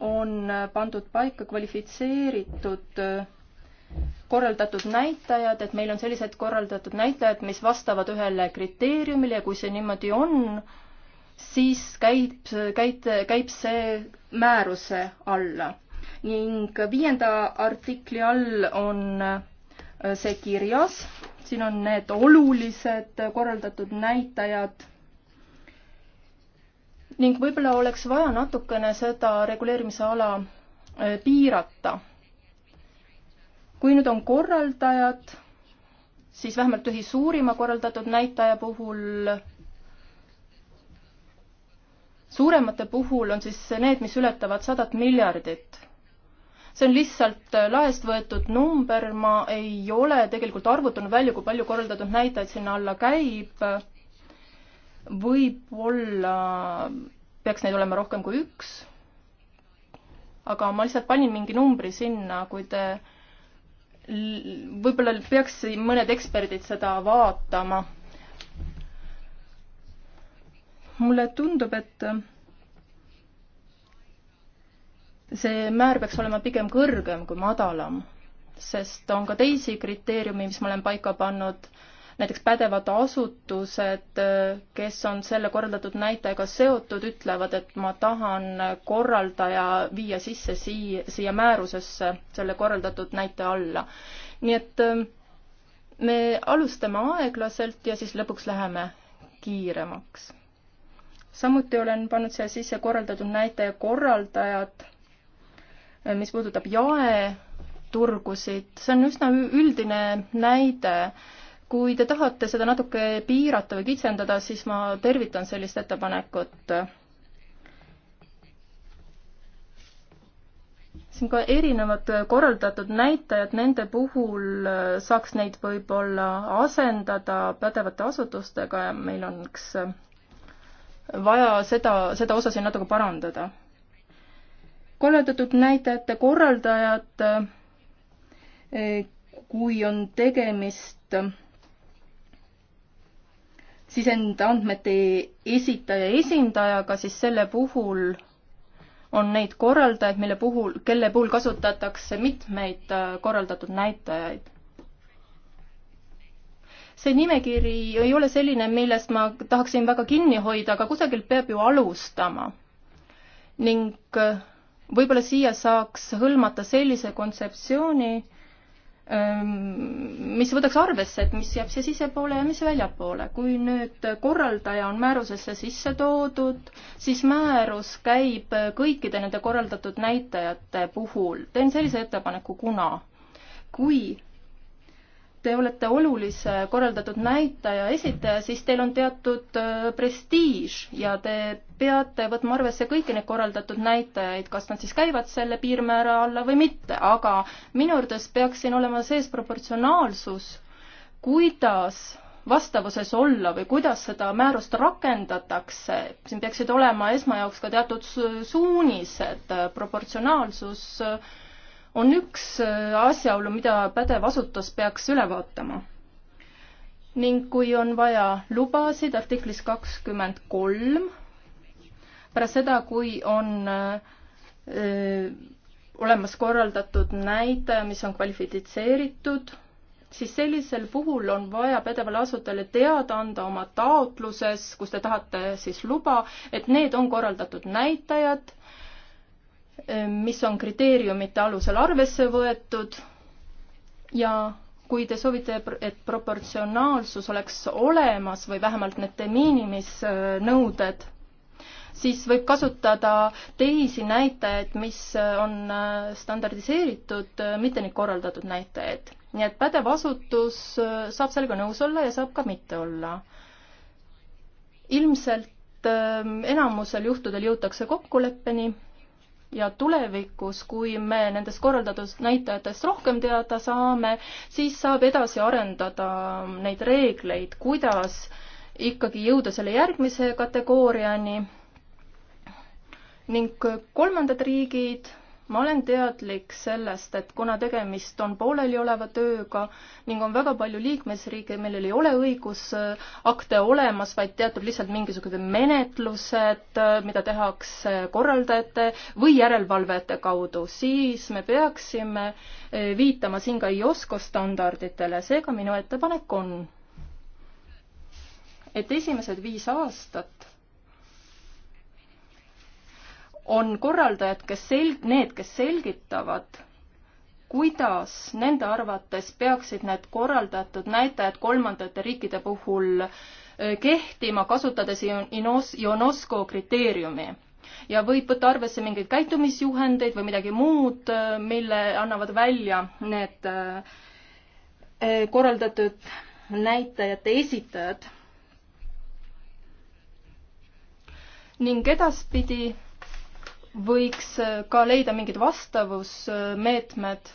on pandud paika kvalifitseeritud korraldatud näitajad, et meil on sellised korraldatud näitajad, mis vastavad ühele kriteeriumile ja kui see niimoodi on, siis käib, käib, käib see määruse alla. ning viienda artikli all on äh, see kirjas, siin on need olulised korraldatud näitajad ning võib-olla oleks vaja natukene seda reguleerimise ala äh, piirata. kui nüüd on korraldajad, siis vähemalt ühi suurima korraldatud näitaja puhul suuremate puhul on siis need, mis ületavad sadat miljardit. see on lihtsalt äh, laest võetud number, ma ei ole tegelikult arvutanud välja, kui palju korraldatud näitajaid sinna alla käib võib-olla peaks neid olema rohkem kui üks, aga ma lihtsalt panin mingi numbri sinna, kui te võib-olla peaks mõned eksperdid seda vaatama. mulle tundub, et see määr peaks olema pigem kõrgem kui madalam, sest on ka teisi kriteeriume, mis ma olen paika pannud äh, näiteks pädevad asutused, kes on selle korraldatud näitajaga seotud, ütlevad, et ma tahan korraldaja viia sisse sii-, siia määrusesse selle korraldatud näitaja alla. nii et ähm, me alustame aeglaselt ja siis lõpuks läheme kiiremaks. samuti olen pannud siia sisse korraldatud näitaja korraldajad, äh, mis puudutab jaeturgusid, see on üsna üldine näide kui te tahate seda natuke piirata või kitsendada, siis ma tervitan sellist ettepanekut. siin ka erinevad korraldatud näitajad, nende puhul saaks neid võib-olla asendada pädevate asutustega ja meil on üks vaja seda, seda osa siin natuke parandada. korraldatud näitajate korraldajad, kui on tegemist siis enda andmete esitaja esindajaga, siis selle puhul on neid korraldajaid, mille puhul, kelle puhul kasutatakse mitmeid äh, korraldatud näitajaid. see nimekiri ei ole selline, millest ma tahaksin väga kinni hoida, aga kusagilt peab ju alustama. ning äh, võib-olla siia saaks hõlmata sellise kontseptsiooni, mis võtaks arvesse, et mis jääb siia sisepoole ja mis väljapoole. kui nüüd korraldaja on määrusesse sisse toodud, siis määrus käib kõikide nende korraldatud näitajate puhul. teen sellise ettepaneku, kuna kui te olete olulise korraldatud näitaja esitaja, siis teil on teatud äh, prestiiž ja te peate võtma arvesse kõiki neid korraldatud näitajaid, kas nad siis käivad selle piirmäära alla või mitte, aga minu arvates peaks siin olema sees proportsionaalsus, kuidas vastavuses olla või kuidas seda määrust rakendatakse, siin peaksid olema esmajaoks ka teatud suunised, proportsionaalsus äh, on üks äh, asjaolu, mida pädev asutus peaks üle vaatama. ning kui on vaja lubasid artiklis kakskümmend kolm, pärast seda, kui on öö, äh, olemas korraldatud näitaja, mis on kvalifitseeritud, siis sellisel puhul on vaja pädevale asutajale teada anda oma taotluses, kus te tahate siis luba, et need on korraldatud näitajad Ehm, mis on kriteeriumite alusel arvesse võetud ja kui te soovite, et proportsionaalsus oleks olemas või vähemalt need de minimis ehm, nõuded, siis võib kasutada teisi näitajaid, mis ehm, on standardiseeritud, mitte neid korraldatud näitajaid. nii et pädev asutus saab sellega nõus olla ja saab ka mitte olla. ilmselt enamusel juhtudel jõutakse kokkuleppeni ja tulevikus, kui me nendest korraldatud näitajatest rohkem teada saame, siis saab edasi arendada neid reegleid, kuidas ikkagi jõuda selle järgmise kategooriani ning kolmandad riigid ma olen teadlik sellest, et kuna tegemist on poolelioleva tööga ning on väga palju liikmesriike, millel ei ole õigusakte olemas, vaid teatud lihtsalt mingisugused menetlused, mida tehakse korraldajate või järelevalvajate kaudu, siis me peaksime eh, viitama siin ka IOSCO standarditele, seega minu ettepanek on, et esimesed viis aastat on korraldajad, kes sel-, need, kes selgitavad, kuidas nende arvates peaksid need korraldatud näitajad kolmandate riikide puhul eh, kehtima, kasutades Ionos-, Ionosco kriteeriumi. ja võib võtta arvesse mingeid käitumisjuhendeid või midagi muud, eh, mille annavad välja need eh, korraldatud näitajate esitajad. ning edaspidi võiks äh, ka leida mingid vastavusmeetmed.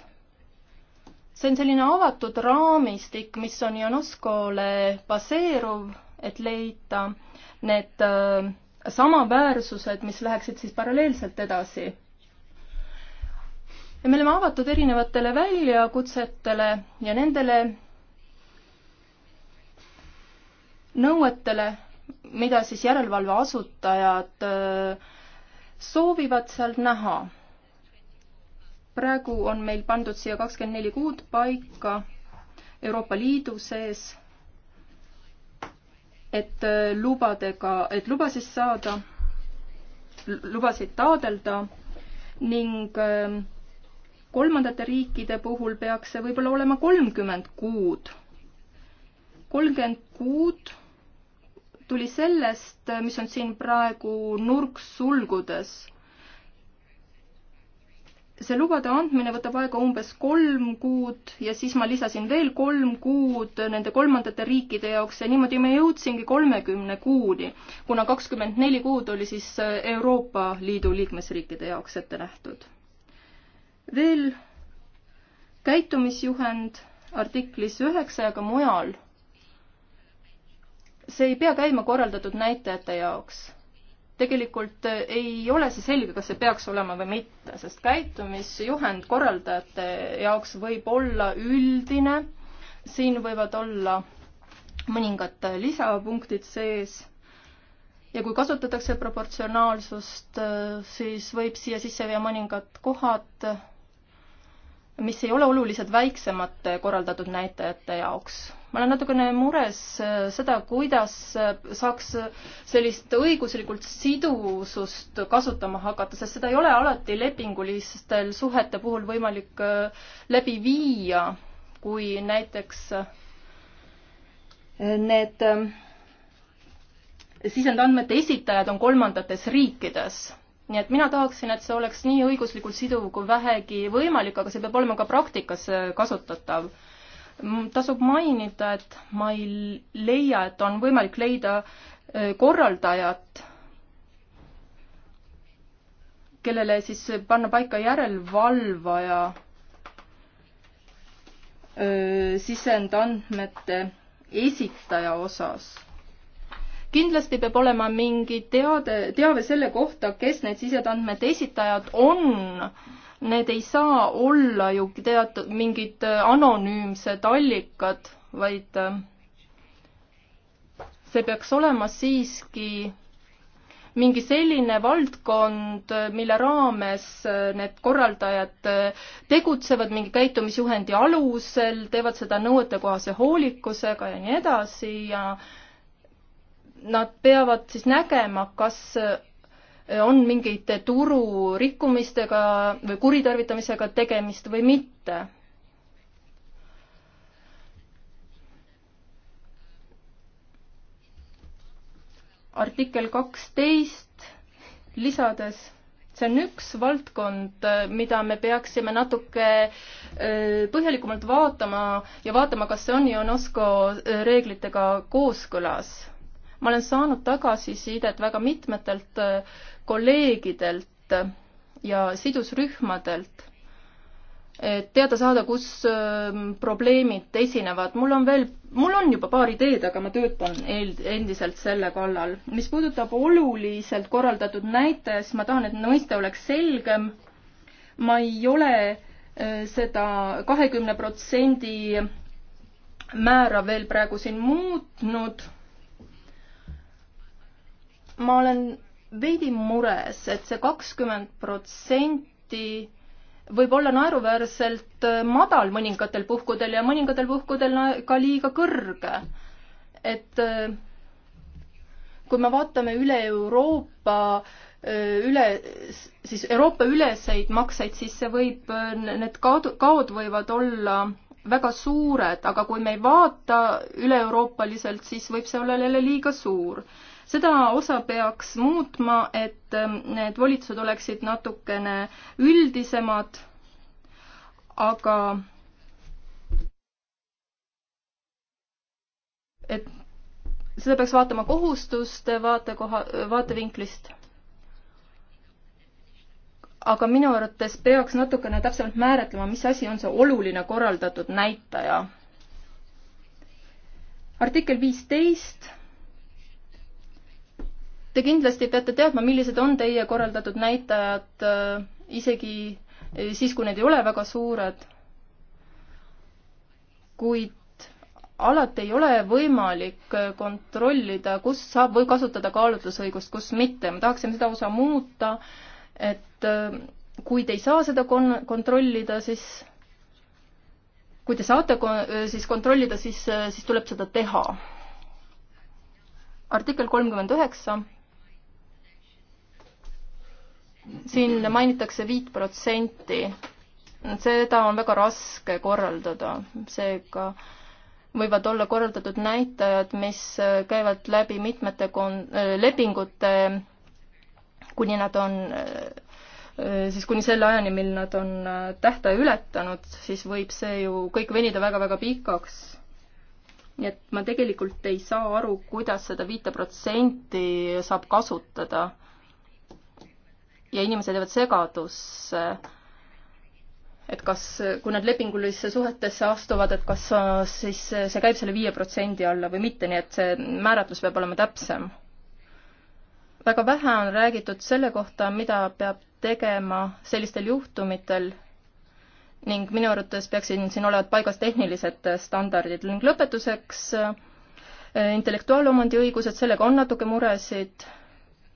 see on selline avatud raamistik, mis on Januskole baseeruv, et leida need äh, samaväärsused, mis läheksid siis paralleelselt edasi. ja me oleme avatud erinevatele väljakutsetele ja nendele nõuetele, mida siis järelevalveasutajad öö, äh, soovivad seal näha. praegu on meil pandud siia kakskümmend neli kuud paika Euroopa Liidu sees, et äh, lubadega, et lubasid saada, lubasid taodelda ning ähm, kolmandate riikide puhul peaks see võib-olla olema kolmkümmend kuud. kolmkümmend kuud tuli sellest, mis on siin praegu nurksulgudes. see lubade andmine võtab aega umbes kolm kuud ja siis ma lisasin veel kolm kuud nende kolmandate riikide jaoks ja niimoodi me jõudsingi kolmekümne kuuni, kuna kakskümmend neli kuud oli siis Euroopa Liidu liikmesriikide jaoks ette nähtud. veel käitumisjuhend artiklis üheksa ja ka mujal see ei pea käima korraldatud näitajate jaoks. tegelikult eh, ei ole see selge, kas see peaks olema või mitte, sest käitumisjuhend korraldajate jaoks võib olla üldine, siin võivad olla mõningad lisapunktid sees ja kui kasutatakse proportsionaalsust, eh, siis võib siia sisse viia mõningad kohad, mis ei ole olulised väiksemate korraldatud näitajate jaoks ma olen natukene mures äh, seda, kuidas äh, saaks äh, sellist õiguslikult sidusust kasutama hakata, sest seda ei ole alati lepingulistel suhete puhul võimalik läbi viia, kui näiteks need sisendandmete esitajad on kolmandates riikides nii et mina tahaksin, et see oleks nii õiguslikult siduv kui vähegi võimalik, aga see peab olema ka praktikas kasutatav tasub mainida, et ma ei leia, et on võimalik leida äh, korraldajat, kellele siis panna paika järelevalvaja äh, sisendandmete esitaja osas. kindlasti peab olema mingi teade, teave selle kohta, kes need sisendandmete esitajad on need ei saa olla ju teatud mingid äh, anonüümsed allikad, vaid äh, see peaks olema siiski mingi selline valdkond, mille raames äh, need korraldajad tegutsevad mingi käitumisjuhendi alusel, teevad seda nõuetekohase hoolikusega ja nii edasi ja nad peavad siis nägema, kas on mingite turu rikkumistega või kuritarvitamisega tegemist või mitte. artikkel kaksteist lisades, see on üks valdkond, mida me peaksime natuke põhjalikumalt vaatama ja vaatama, kas see on UNESCO reeglitega kooskõlas ma olen saanud tagasisidet väga mitmetelt äh, kolleegidelt ja sidusrühmadelt, et teada saada, kus äh, probleemid esinevad. mul on veel, mul on juba paar ideed, aga ma töötan endiselt selle kallal. mis puudutab oluliselt korraldatud näitaja, siis ma tahan, et mõiste oleks selgem. ma ei ole äh, seda kahekümne protsendi määra veel praegu siin muutnud ma olen veidi mures, et see kakskümmend protsenti võib olla naeruväärselt madal mõningatel puhkudel ja mõningatel puhkudel ka liiga kõrge. et äh, kui me vaatame üle Euroopa äh, üle, siis Euroopa üleseid makseid, siis see võib, äh, need kaod, kaod võivad olla väga suured, aga kui me ei vaata üle-euroopaliselt, siis võib see olla jälle liiga suur seda osa peaks muutma, et ähm, need volitused oleksid natukene üldisemad, aga et seda peaks vaatama kohustuste vaatekoha, vaatevinklist. aga minu arvates peaks natukene täpsemalt määratlema, mis asi on see oluline korraldatud näitaja. artikkel viisteist Te kindlasti peate teadma, millised on teie korraldatud näitajad, äh, isegi äh, siis, kui need ei ole väga suured. kuid alati ei ole võimalik äh, kontrollida, kus saab või kasutada kaalutlusõigust, kus mitte. me tahaksime seda osa muuta, et kui te ei saa seda kon-, kontrollida, siis kui te saate kon-, siis kontrollida, siis, siis tuleb seda teha. artikkel kolmkümmend üheksa siin mainitakse viit protsenti. seda on väga raske korraldada, seega võivad olla korraldatud näitajad, mis käivad läbi mitmete kon-, lepingute, kuni nad on siis kuni selle ajani, mil nad on tähtaja ületanud, siis võib see ju kõik venida väga-väga pikaks. nii et ma tegelikult ei saa aru, kuidas seda viite protsenti saab kasutada ja inimesed jäävad segadusse, et kas, kui nad lepingulisse suhetesse astuvad, et kas äh, siis see käib selle viie protsendi alla või mitte, nii et see määratlus peab olema täpsem. väga vähe on räägitud selle kohta, mida peab tegema sellistel juhtumitel ning minu arvates peaksid siin olevat paigas tehnilised standardid ning lõpetuseks äh, intellektuaalomandi õigused, sellega on natuke muresid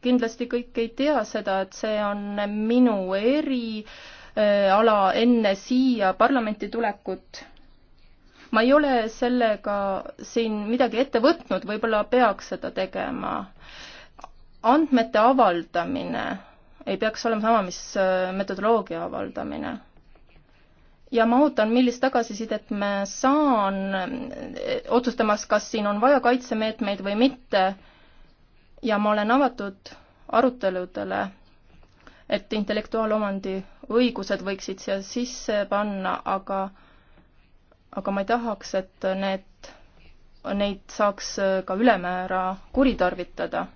kindlasti kõik ei tea seda, et see on minu eriala äh, enne siia parlamenti tulekut. ma ei ole sellega siin midagi ette võtnud, võib-olla peaks seda tegema. andmete avaldamine ei peaks olema sama, mis äh, metodoloogia avaldamine. ja ma ootan, millist tagasisidet ma saan, äh, otsustamaks, kas siin on vaja kaitsemeetmeid või mitte ja ma olen avatud aruteludele, et intellektuaalomandi õigused võiksid siia sisse panna, aga, aga ma ei tahaks, et need, neid saaks ka ülemäära kuritarvitada.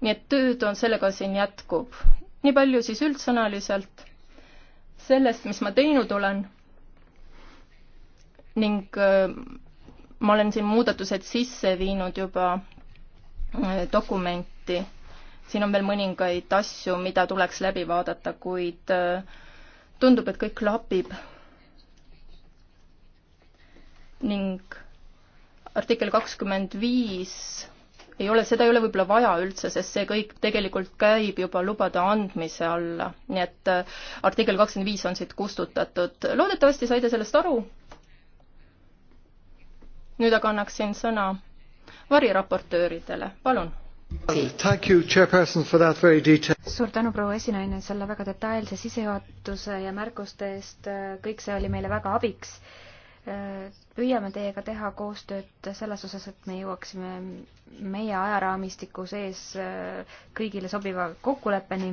nii et tööd on sellega siin jätkub. nii palju siis üldsõnaliselt sellest, mis ma teinud olen ning äh, ma olen siin muudatused sisse viinud juba dokumenti. siin on veel mõningaid asju, mida tuleks läbi vaadata, kuid äh, tundub, et kõik klapib. ning artikkel kakskümmend viis ei ole, seda ei ole võib-olla vaja üldse, sest see kõik tegelikult käib juba lubade andmise alla. nii et äh, artikkel kakskümmend viis on siit kustutatud. loodetavasti saite sellest aru. nüüd aga annaksin sõna variraportööridele, palun. suur tänu, proua esinaine, selle väga detailse sissejuhatuse ja märkuste eest, kõik see oli meile väga abiks. püüame teiega teha koostööd selles osas, et me jõuaksime meie ajaraamistiku sees kõigile sobiva kokkuleppeni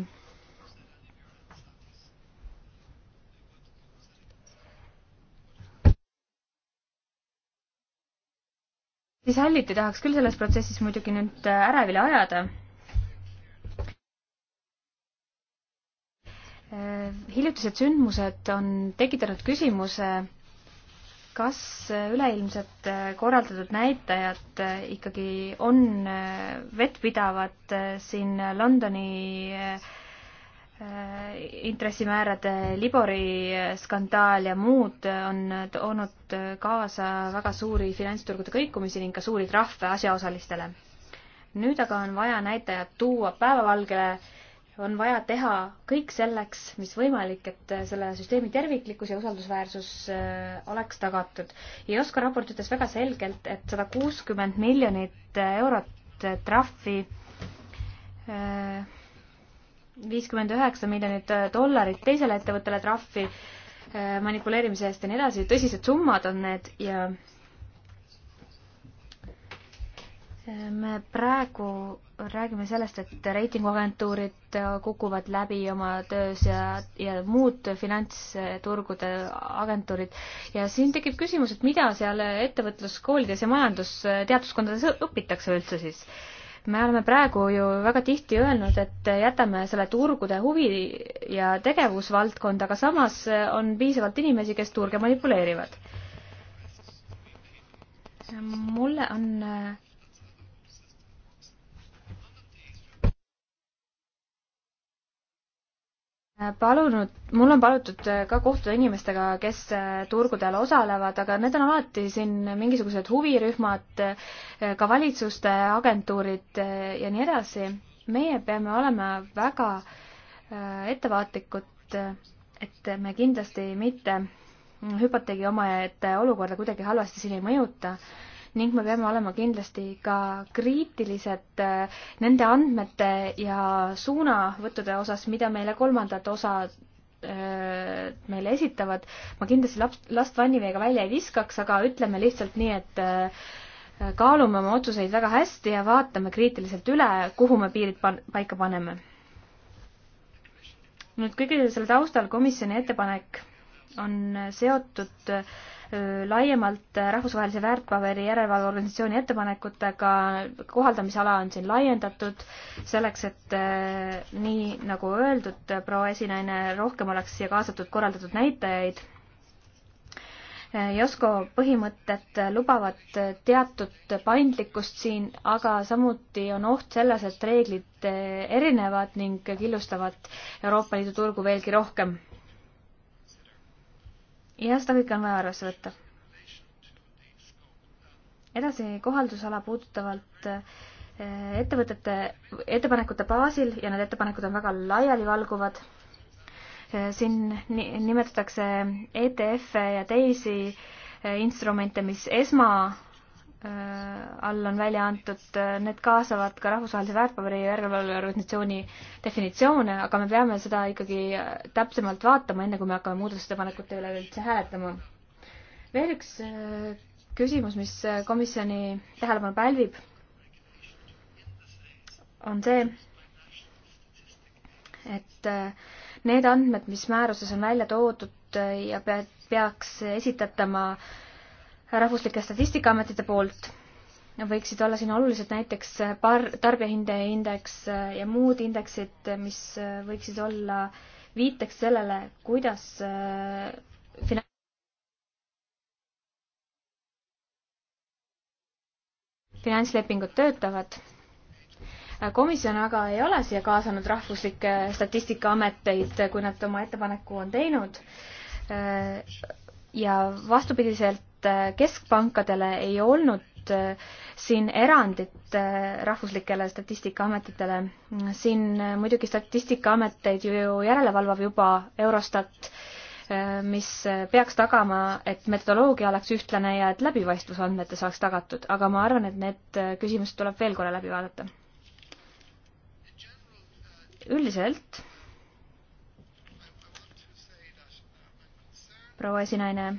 siis Hallit ei tahaks küll selles protsessis muidugi nüüd äh, ärevile ajada. Äh, hiljutised sündmused on tekitanud küsimuse, kas äh, üleilmsed korraldatud näitajad ikkagi on vettpidavad siin Londoni äh, intressimäärade Libori skandaal ja muud on toonud kaasa väga suuri finantsturgude kõikumisi ning ka suuri trahve asjaosalistele. nüüd aga on vaja näitajad tuua päevavalgele, on vaja teha kõik selleks, mis võimalik, et selle süsteemi terviklikkus ja usaldusväärsus äh, oleks tagatud. ja Oskar raport ütles väga selgelt, et sada kuuskümmend miljonit eurot trahvi öö, äh, viiskümmend üheksa miljonit äh, dollarit teisele ettevõttele trahvi äh, manipuleerimise eest ja nii edasi, tõsised summad on need ja äh, me praegu räägime sellest, et reitinguagentuurid kukuvad läbi oma töös ja, ja muud finantsturgude agentuurid ja siin tekib küsimus, et mida seal ettevõtluskoolides ja majandusteaduskondades õpitakse üldse siis äh, me oleme praegu ju väga tihti öelnud, et jätame selle turgude huvi ja tegevusvaldkonda, aga samas on piisavalt inimesi, kes turge manipuleerivad. mulle on Äh, palunud, mul on palutud äh, ka kohtuda inimestega, kes äh, turgudel osalevad, aga need on alati siin mingisugused huvirühmad, ka valitsuste agentuurid ja nii edasi. meie peame olema väga ettevaatlikud, et me kindlasti mitte hüpoteegi omaette olukorda kuidagi halvasti siin ei mõjuta ning me peame olema kindlasti ka kriitilised äh, nende andmete ja suunavõttude osas, mida meile kolmandad osad äh, meile esitavad. ma kindlasti laps, last vanniveega välja ei viskaks, aga ütleme lihtsalt nii, et äh, kaalume oma otsuseid väga hästi ja vaatame kriitiliselt üle, kuhu me piirid pan-, paika paneme. nüüd kõige selle taustal komisjoni ettepanek on seotud äh, laiemalt äh, rahvusvahelise väärtpaberi järelevalveorganisatsiooni ettepanekutega, kohaldamisala on siin laiendatud, selleks et äh, nii nagu öeldud, proua esinaine, rohkem oleks siia kaasatud korraldatud näitajaid. Äh, Josko põhimõtted lubavad teatud paindlikkust siin, aga samuti on oht selles, et reeglid erinevad ning killustavad Euroopa Liidu turgu veelgi rohkem ja seda kõike on vaja arvesse võtta. edasi kohaldusala puudutavalt eh, ettevõtete ettepanekute baasil ja need ettepanekud on väga laialivalguvad. Eh, siin nimetatakse ETF-e ja teisi eh, instrumente, mis esma Äh, all on välja antud, äh, need kaasavad ka rahvusvahelise väärtpaberi järelevalveorganisatsiooni definitsioone, aga me peame seda ikkagi äh, täpsemalt vaatama, enne kui me hakkame muudatusettepanekute üle üldse hääletama. veel üks küsimus, mis komisjoni tähelepanu pälvib, on see, et need andmed, mis määruses on välja toodud ja peaks esitatama äh, rahvuslike statistikaametite poolt võiksid olla siin olulised näiteks par-, tarbijahindaja indeks ja muud indeksid, mis võiksid olla viiteks sellele, kuidas äh, fina-. finantslepingud töötavad. komisjon aga ei ole siia kaasanud rahvuslikke statistikaameteid, kui nad oma ettepaneku on teinud äh, ja vastupidiselt et äh, keskpankadele ei olnud äh, siin erandit äh, rahvuslikele statistikaametitele. siin muidugi statistikaameteid ju järelevalvab juba Eurostat, mis peaks tagama, et metodoloogia oleks ühtlane ja et läbipaistvus andmete saaks tagatud, aga ma arvan, et need küsimused tuleb veel korra läbi vaadata. üldiselt proua esinaine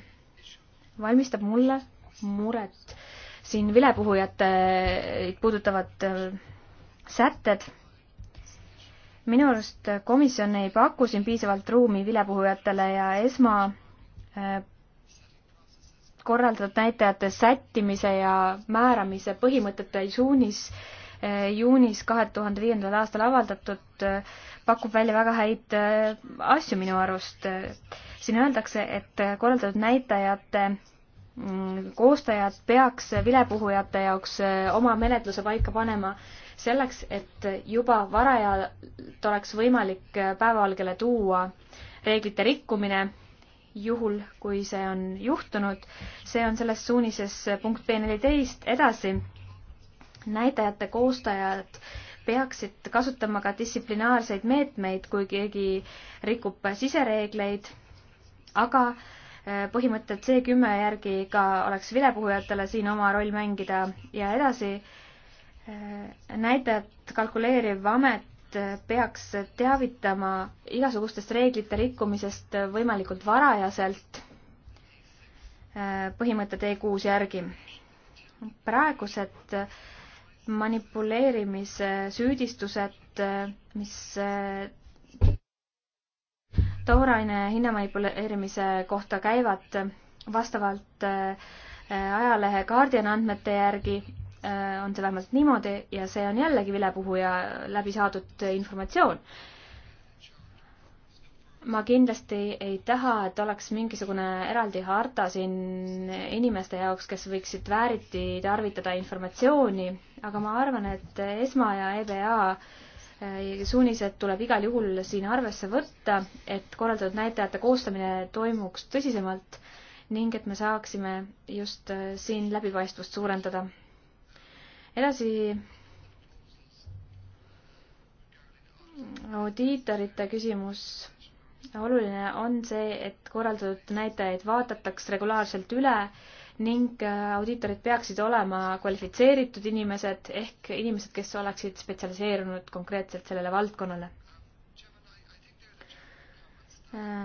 valmistab mulle muret. siin vilepuhujate puudutavad äh, sätted. minu arust komisjon ei paku siin piisavalt ruumi vilepuhujatele ja esma äh, korraldatud näitajate sättimise ja määramise põhimõtete suunis äh, Eh, juunis kahe tuhande viiendal aastal avaldatud, eh, pakub välja väga häid eh, asju minu arust. siin öeldakse, et korraldatud näitajate mm, koostajad peaks vilepuhujate jaoks oma menetluse paika panema selleks, et juba varajalt oleks võimalik päevavalgele tuua reeglite rikkumine, juhul kui see on juhtunud. see on selles suunises punkt B neliteist edasi näitajate koostajad peaksid kasutama ka distsiplinaarseid meetmeid, kui keegi rikub sisereegleid, aga äh, põhimõtted C kümme järgi ka oleks vilepuhujatele siin oma roll mängida ja edasi äh, näitajat kalkuleeriv amet peaks teavitama igasugustest reeglite rikkumisest võimalikult varajaselt äh, põhimõtte D kuus järgi. praegused manipuleerimise süüdistused, mis tooraine hinnamanipuleerimise kohta käivad vastavalt äh, ajalehe Guardian andmete järgi, äh, on see vähemalt niimoodi ja see on jällegi vilepuhuja läbi saadud informatsioon ma kindlasti ei taha, et oleks mingisugune eraldi harta siin inimeste jaoks, kes võiksid vääriti tarvitada informatsiooni, aga ma arvan, et ESMA ja EBA eh, suunised tuleb igal juhul siin arvesse võtta, et korraldatud näitajate koostamine toimuks tõsisemalt ning et me saaksime just eh, siin läbipaistvust suurendada. edasi audiitorite küsimus oluline on see, et korraldatud näitajaid vaadataks regulaarselt üle ning äh, audiitorid peaksid olema kvalifitseeritud inimesed ehk inimesed, kes oleksid spetsialiseerunud konkreetselt sellele valdkonnale. Äh,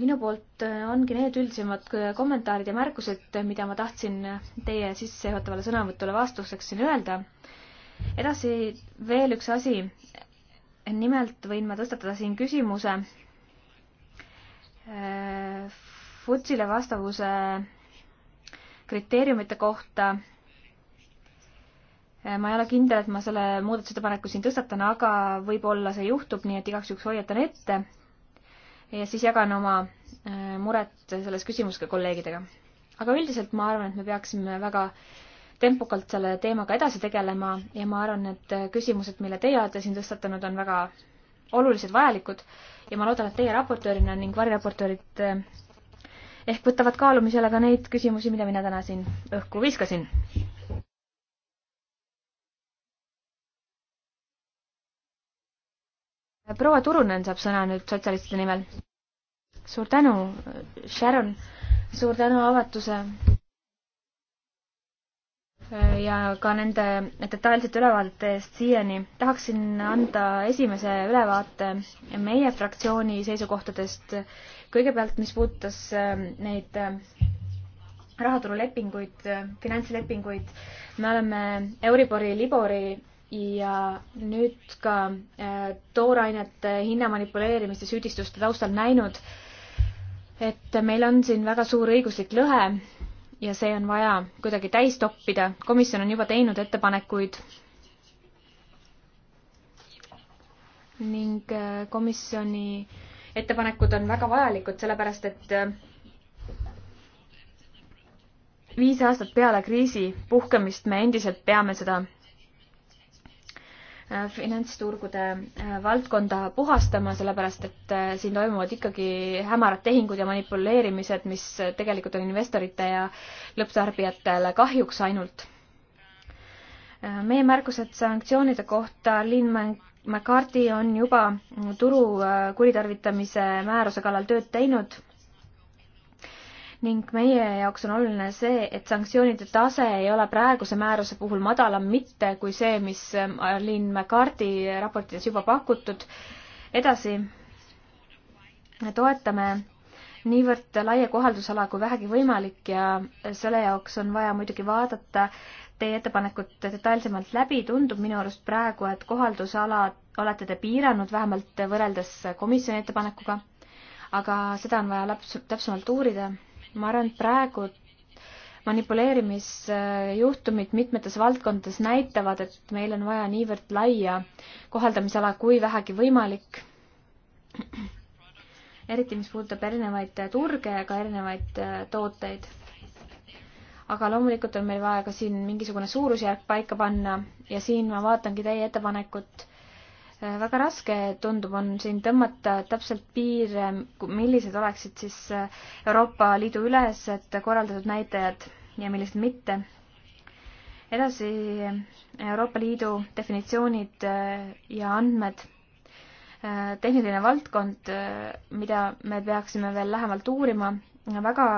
minu poolt äh, ongi need üldisemad kommentaarid ja märkused, mida ma tahtsin teie sissejuhatavale sõnavõtule vastuseks siin öelda. edasi veel üks asi. nimelt võin ma tõstatada siin küsimuse FUTSile vastavuse kriteeriumite kohta. ma ei ole kindel, et ma selle muudatusettepaneku siin tõstatan, aga võib-olla see juhtub, nii et igaks juhuks hoiatan ette. ja siis jagan oma äh, muret selles küsimuses ka kolleegidega. aga üldiselt ma arvan, et me peaksime väga tempokalt selle teemaga edasi tegelema ja ma arvan, et küsimused, mille teie olete siin tõstatanud, on väga olulised, vajalikud ja ma loodan, et teie raportöörina ning variraportöörid eh, ehk võtavad kaalumisele ka neid küsimusi, mida mina täna siin õhku viskasin. proua Turunen saab sõna nüüd sotsialistide nimel. suur tänu, Sharon, suur tänu avatuse ja ka nende detailsete ülevaadete eest siiani. tahaksin anda esimese ülevaate meie fraktsiooni seisukohtadest. kõigepealt, mis puudutas äh, neid äh, rahaturulepinguid, äh, finantslepinguid, me oleme Euribori, Libori ja nüüd ka toorainete hinna manipuleerimiste süüdistuste taustal näinud, et meil on siin väga suur õiguslik lõhe ja see on vaja kuidagi täis toppida. komisjon on juba teinud ettepanekuid ning äh, komisjoni ettepanekud on väga vajalikud, sellepärast et äh, viis aastat peale kriisi puhkemist me endiselt peame seda Äh, finantsturgude äh, valdkonda puhastama, sellepärast et äh, siin toimuvad ikkagi hämarad tehingud ja manipuleerimised, mis tegelikult on investorite ja lõpptarbijatele kahjuks ainult. meie märkused sanktsioonide kohta, Linn McCarthy on juba turu kuritarvitamise määruse kallal tööd teinud ning meie jaoks on oluline see, et sanktsioonide tase ei ole praeguse määruse puhul madalam mitte kui see, mis ähm, Arlene McCarthy raportides juba pakutud. edasi toetame niivõrd laia kohaldusala kui vähegi võimalik ja selle jaoks on vaja muidugi vaadata teie ettepanekut detailsemalt läbi. tundub minu arust praegu, et kohaldusala olete te piiranud vähemalt võrreldes komisjoni ettepanekuga, aga seda on vaja laps-, täpsemalt uurida ma arvan, et praegu manipuleerimisjuhtumid mitmetes valdkondades näitavad, et meil on vaja niivõrd laia kohaldamisala kui vähegi võimalik. eriti, mis puudutab erinevaid turge ja ka erinevaid äh, tooteid. aga loomulikult on meil vaja ka siin mingisugune suurusjärk paika panna ja siin ma vaatangi teie ettepanekut väga raske tundub, on siin tõmmata täpselt piire, millised oleksid siis äh, Euroopa Liidu ülesed korraldatud näitajad ja millised mitte. edasi Euroopa Liidu definitsioonid äh, ja andmed. Äh, tehniline valdkond, mida me peaksime veel lähemalt uurima, väga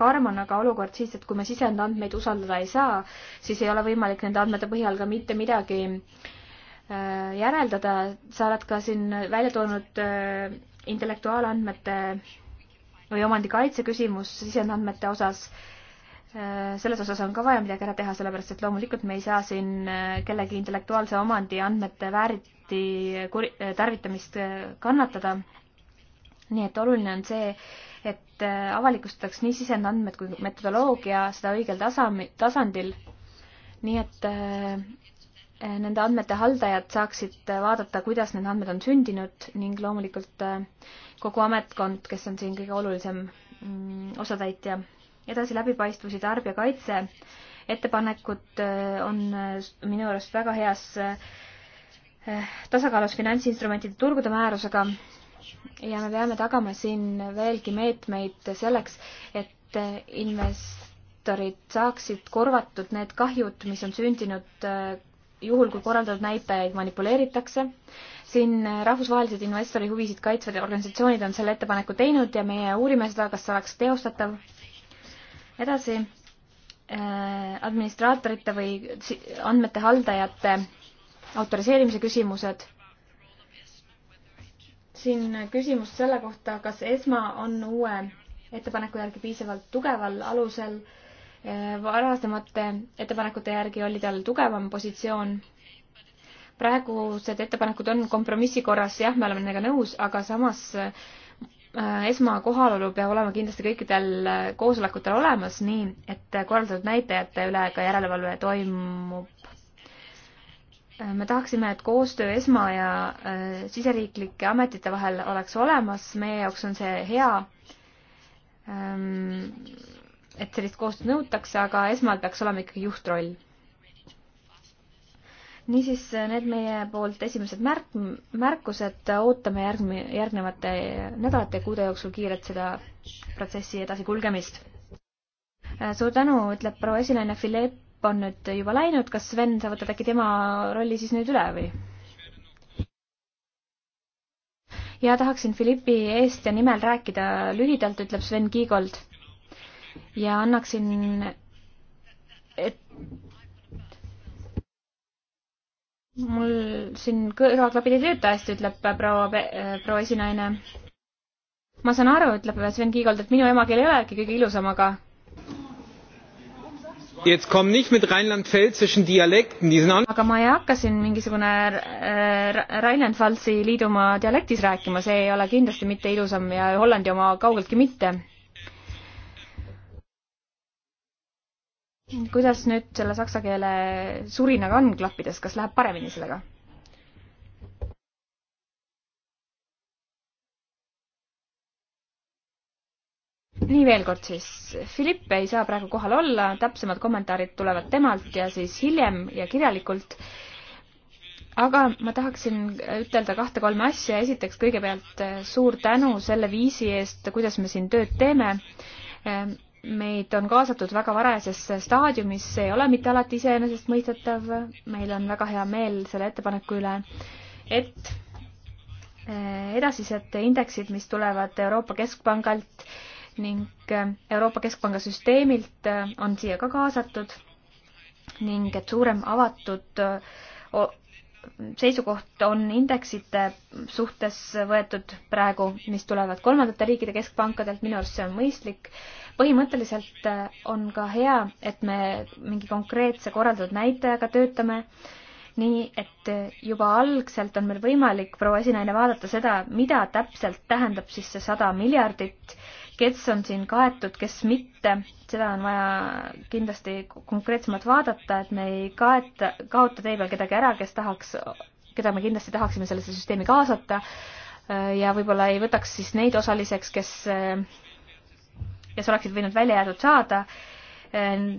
karm on aga olukord siis, et kui me sisendandmeid usaldada ei saa, siis ei ole võimalik nende andmete põhjal ka mitte midagi äh, Äh, järeldada, sa oled ka siin välja toonud äh, intellektuaalandmete või omandikaitse küsimus sisendandmete osas. Äh, selles osas on ka vaja midagi ära teha, sellepärast et loomulikult me ei saa siin kellegi intellektuaalse omandi andmete vääriti kuri-, tarvitamist kannatada. nii et oluline on see, et avalikustataks nii sisendandmed kui metodoloogia seda õigel tasam-, tasandil. nii et Eh, nende andmete haldajad saaksid eh, vaadata, kuidas need andmed on sündinud ning loomulikult eh, kogu ametkond, kes on siin kõige olulisem mm, osatäitja. edasi läbipaistvus ja tarbijakaitse. ettepanekud on minu arust väga heas tasakaalus finantsinstrumentide turgude määrusega ja me peame tagama siin veelgi meetmeid selleks, et investorid saaksid korvatud need kahjud, mis on sündinud juhul, kui korraldatud näitajaid manipuleeritakse. siin rahvusvahelised investori huvisid kaitsvad organisatsioonid on selle ettepaneku teinud ja meie uurime seda, kas see oleks teostatav. edasi, äh, administraatorite või andmete haldajate autoriseerimise küsimused. siin küsimus selle kohta, kas ESMA on uue ettepaneku järgi piisavalt tugeval alusel äh, varasemate ettepanekute järgi oli tal tugevam positsioon. praegused ettepanekud on kompromissi korras, jah, me oleme nendega nõus, aga samas äh, esmakohalolu peab olema kindlasti kõikidel äh, koosolekutel olemas, nii et korraldatud näitajate üle ka järelevalve toimub. Äh, me tahaksime, et koostöö esma ja siseriiklike ametite vahel oleks olemas, meie jaoks on see hea ehm, et sellist koostööd nõutakse, aga esmalt peaks olema ikkagi juhtroll. niisiis, need meie poolt esimesed märk-, märkused, ootame järgmi-, järgnevate nädalate ja kuude jooksul kiirelt seda protsessi edasikulgemist. suur tänu, ütleb proua esinaine, Philipp on nüüd juba läinud, kas Sven, sa võtad äkki tema rolli siis nüüd üle või? ja tahaksin Philippi eest ja nimel rääkida lühidalt, ütleb Sven Kiigold ja annaksin, et mul siin kõrvaklapid ei tööta hästi, ütleb proua, äh, proua esinaine. ma saan aru, ütleb Sven Kiigold, et minu emakeel ei olegi kõige ilusam, aga. aga ma ei hakka siin mingisugune äh, Rheinland-Pfalzi liidumaa dialektis rääkima, see ei ole kindlasti mitte ilusam ja Hollandi oma kaugeltki mitte kuidas nüüd selle saksa keele surinaga on klappides, kas läheb paremini sellega? nii veel kord siis, Philippe ei saa praegu kohal olla, täpsemad kommentaarid tulevad temalt ja siis hiljem ja kirjalikult. aga ma tahaksin ütelda kahte-kolme asja, esiteks kõigepealt suur tänu selle viisi eest, kuidas me siin tööd teeme meid on kaasatud väga varajasesse staadiumisse, ei ole mitte alati iseenesestmõistetav. meil on väga hea meel selle ettepaneku üle, et eh, edasised indeksid, mis tulevad Euroopa Keskpangalt ning eh, Euroopa Keskpanga süsteemilt, eh, on siia ka kaasatud ning et suurem avatud seisukoht on indeksite suhtes võetud praegu, mis tulevad kolmandate riikide keskpankadelt, minu arust see on mõistlik. põhimõtteliselt äh, on ka hea, et me mingi konkreetse korraldatud näitajaga töötame, nii et äh, juba algselt on meil võimalik, proua esinaine, vaadata seda, mida täpselt tähendab siis see sada miljardit kes on siin kaetud, kes mitte, seda on vaja kindlasti konkreetsemalt vaadata, et me ei kaeta, kaota tee peal kedagi ära, kes tahaks, keda me kindlasti tahaksime sellesse süsteemi kaasata ja võib-olla ei võtaks siis neid osaliseks, kes, kes oleksid võinud välja jäetud saada.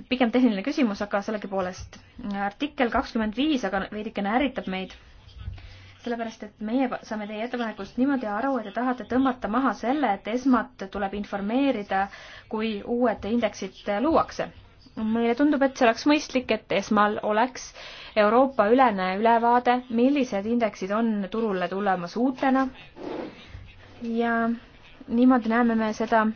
pigem tehniline küsimus, aga sellegipoolest. artikkel kakskümmend viis aga veidikene ärritab meid sellepärast, et meie saame teie ettepanekust niimoodi aru, et te tahate tõmmata maha selle, et esmalt tuleb informeerida, kui uued indeksid luuakse. meile tundub, et see oleks mõistlik, et esmal oleks Euroopa-ülene ülevaade, millised indeksid on turule tulemas uutena ja niimoodi näeme me seda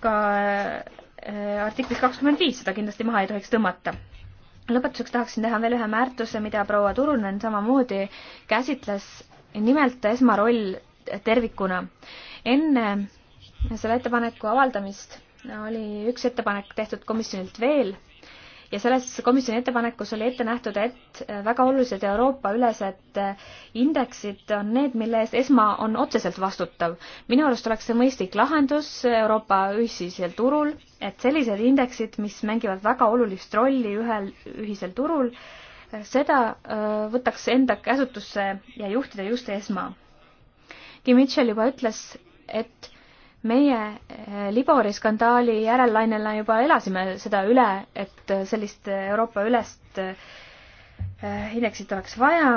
ka äh, artiklis kakskümmend viis, seda kindlasti maha ei tohiks tõmmata lõpetuseks tahaksin teha veel ühe märtuse, mida proua Turunen samamoodi käsitles, nimelt esmaroll tervikuna. enne selle ettepaneku avaldamist oli üks ettepanek tehtud komisjonilt veel ja selles komisjoni ettepanekus oli ette nähtud, et äh, väga olulised Euroopa-ülesed äh, indeksid on need, mille eest ESMA on otseselt vastutav. minu arust oleks see mõistlik lahendus Euroopa ühisel turul, et sellised indeksid, mis mängivad väga olulist rolli ühel ühisel turul, äh, seda võtaks enda käsutusse ja juhtida just ESMA. Kim Mitchell juba ütles, et meie eh, Libori skandaali järellainena juba elasime seda üle, et eh, sellist eh, Euroopa ülest indeksit oleks vaja,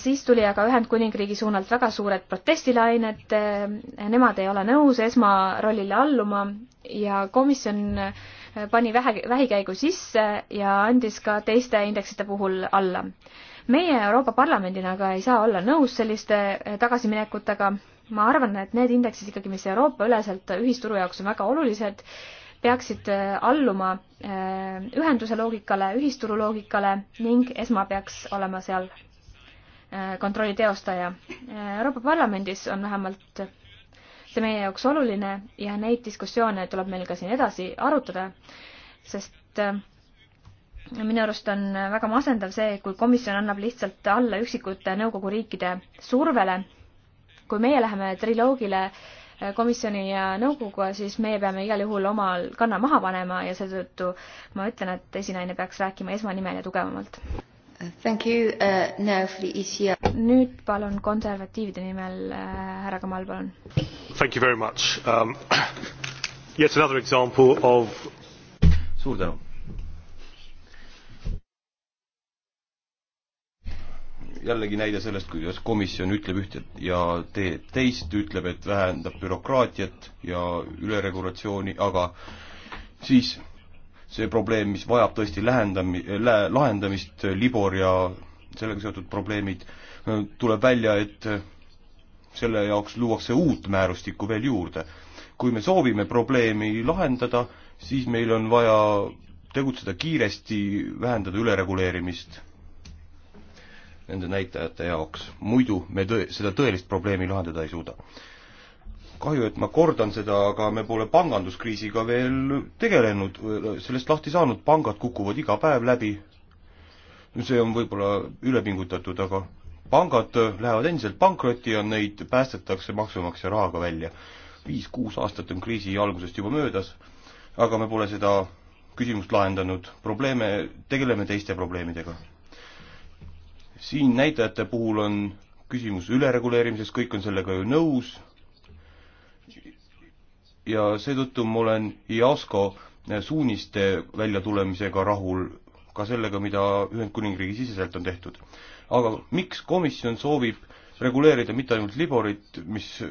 siis tuli aga Ühendkuningriigi suunalt väga suured protestilained, nemad ei ole nõus esmarollile alluma ja komisjon pani vähe, vähikäigu sisse ja andis ka teiste indeksite puhul alla. meie Euroopa Parlamendina aga ei saa olla nõus selliste tagasiminekutega ma arvan, et need indeksid ikkagi, mis Euroopa-üleselt ühisturu jaoks on väga olulised, peaksid äh, alluma äh, ühenduse loogikale, ühisturu loogikale ning ESMA peaks olema seal äh, kontrolli teostaja. Euroopa Parlamendis on vähemalt see meie jaoks oluline ja neid diskussioone tuleb meil ka siin edasi arutada, sest minu arust on väga masendav see, kui komisjon annab lihtsalt alla üksikute nõukogu riikide survele kui meie läheme triloogile äh, komisjoni ja nõukoguga, siis meie peame igal juhul omal kanna maha panema ja seetõttu ma ütlen, et esinaine peaks rääkima esmanimel ja tugevamalt. Thank you uh, now for the ECR. nüüd palun konservatiivide nimel äh, härra äh, Kamal, palun. Thank you very much um,. Yet another example of suur tänu jällegi näide sellest, kuidas komisjon ütleb ühte ja tee-, teist, ütleb, et vähendab bürokraatiat ja üleregulatsiooni, aga siis see probleem, mis vajab tõesti lähendami-, lä-, lahendamist, Libor ja sellega seotud probleemid, tuleb välja, et selle jaoks luuakse uut määrustikku veel juurde. kui me soovime probleemi lahendada, siis meil on vaja tegutseda kiiresti, vähendada ülereguleerimist nende näitajate jaoks, muidu me tõ-, seda tõelist probleemi lahendada ei suuda. kahju, et ma kordan seda, aga me pole panganduskriisiga veel tegelenud, sellest lahti saanud, pangad kukuvad iga päev läbi, see on võib-olla ülepingutatud, aga pangad lähevad endiselt pankrotti ja neid päästetakse maksumaksja rahaga välja. viis-kuus aastat on kriisi algusest juba möödas, aga me pole seda küsimust lahendanud, probleeme, tegeleme teiste probleemidega siin näitajate puhul on küsimus ülereguleerimises, kõik on sellega ju nõus. ja seetõttu ma olen IASCO suuniste väljatulemisega rahul, ka sellega, mida Ühendkuningriigi siseselt on tehtud. aga miks komisjon soovib reguleerida mitte ainult Liborit, mis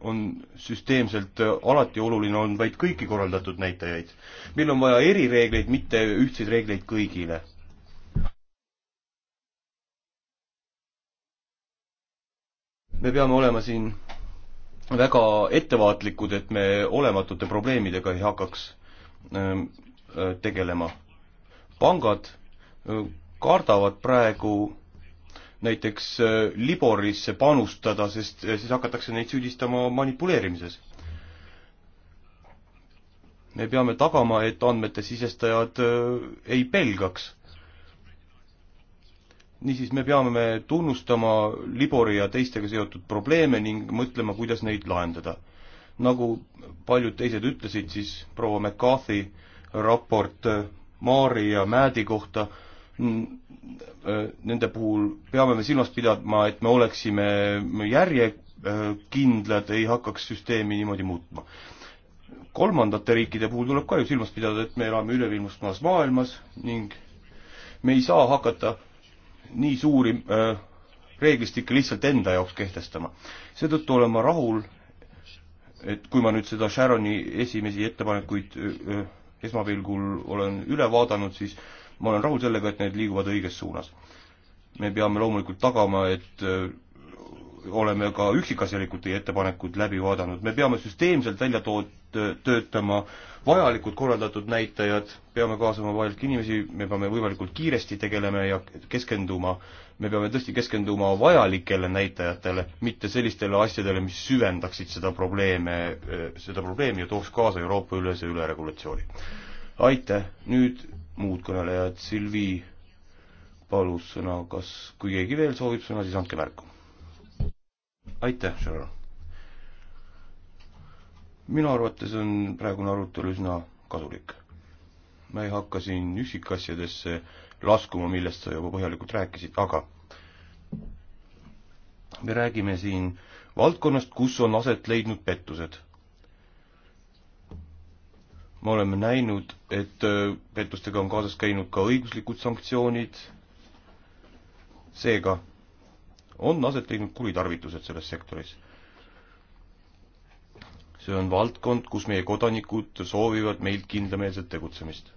on süsteemselt alati oluline olnud, vaid kõiki korraldatud näitajaid. meil on vaja erireegleid, mitte ühtseid reegleid kõigile me peame olema siin väga ettevaatlikud, et me olematute probleemidega ei hakkaks ähm, äh, tegelema. pangad äh, kardavad praegu näiteks äh, Liborisse panustada, sest siis hakatakse neid süüdistama manipuleerimises. me peame tagama, et andmete sisestajad ei pelgaks niisiis, me peame me tunnustama Libori ja teistega seotud probleeme ning mõtlema, kuidas neid lahendada. nagu paljud teised ütlesid, siis proua McCarthy raport äh, Maari ja Määdi kohta, äh, nende puhul peame me silmas pidama, et me oleksime järjekindlad, ei hakkaks süsteemi niimoodi muutma. kolmandate riikide puhul tuleb ka ju silmas pidada, et me elame üleilmastumas maailmas ning me ei saa hakata nii suuri äh, reeglistikke lihtsalt enda jaoks kehtestama. seetõttu olen ma rahul, et kui ma nüüd seda Sharoni esimesi ettepanekuid äh, esmapilgul olen üle vaadanud, siis ma olen rahul sellega, et need liiguvad õiges suunas. me peame loomulikult tagama, et äh, oleme ka üksikasjalikult teie ettepanekud läbi vaadanud, me peame süsteemselt välja toot-, töötama vajalikud korraldatud näitajad, peame kaasama vajalikke inimesi, me peame võimalikult kiiresti tegelema ja keskenduma, me peame tõesti keskenduma vajalikele näitajatele, mitte sellistele asjadele, mis süvendaksid seda probleeme, seda probleemi ja tooks kaasa Euroopa ülese üleregulatsiooni. aitäh, nüüd muud kõnelejad, Silvi palus sõna, kas kui keegi veel soovib sõna, siis andke märku aitäh, Sharon. minu arvates on praegune arutelu üsna kasulik. ma ei hakka siin üksikasjadesse laskuma, millest sa juba põhjalikult rääkisid, aga me räägime siin valdkonnast, kus on aset leidnud pettused. me oleme näinud, et äh, pettustega on kaasas käinud ka õiguslikud sanktsioonid, seega on aset leidnud kuritarvitused selles sektoris. see on valdkond, kus meie kodanikud soovivad meilt kindlameelset tegutsemist.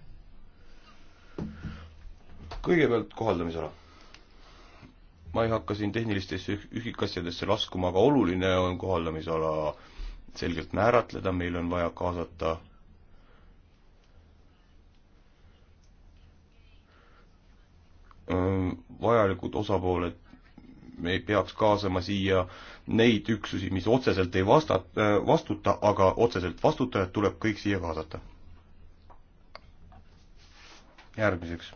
kõigepealt kohaldamisala. ma ei hakka siin tehnilistesse üksikasjadesse laskuma, aga oluline on kohaldamisala selgelt määratleda, meil on vaja kaasata vajalikud osapooled me ei peaks kaasama siia neid üksusi, mis otseselt ei vasta, vastuta, aga otseselt vastutajad tuleb kõik siia kaasata. järgmiseks.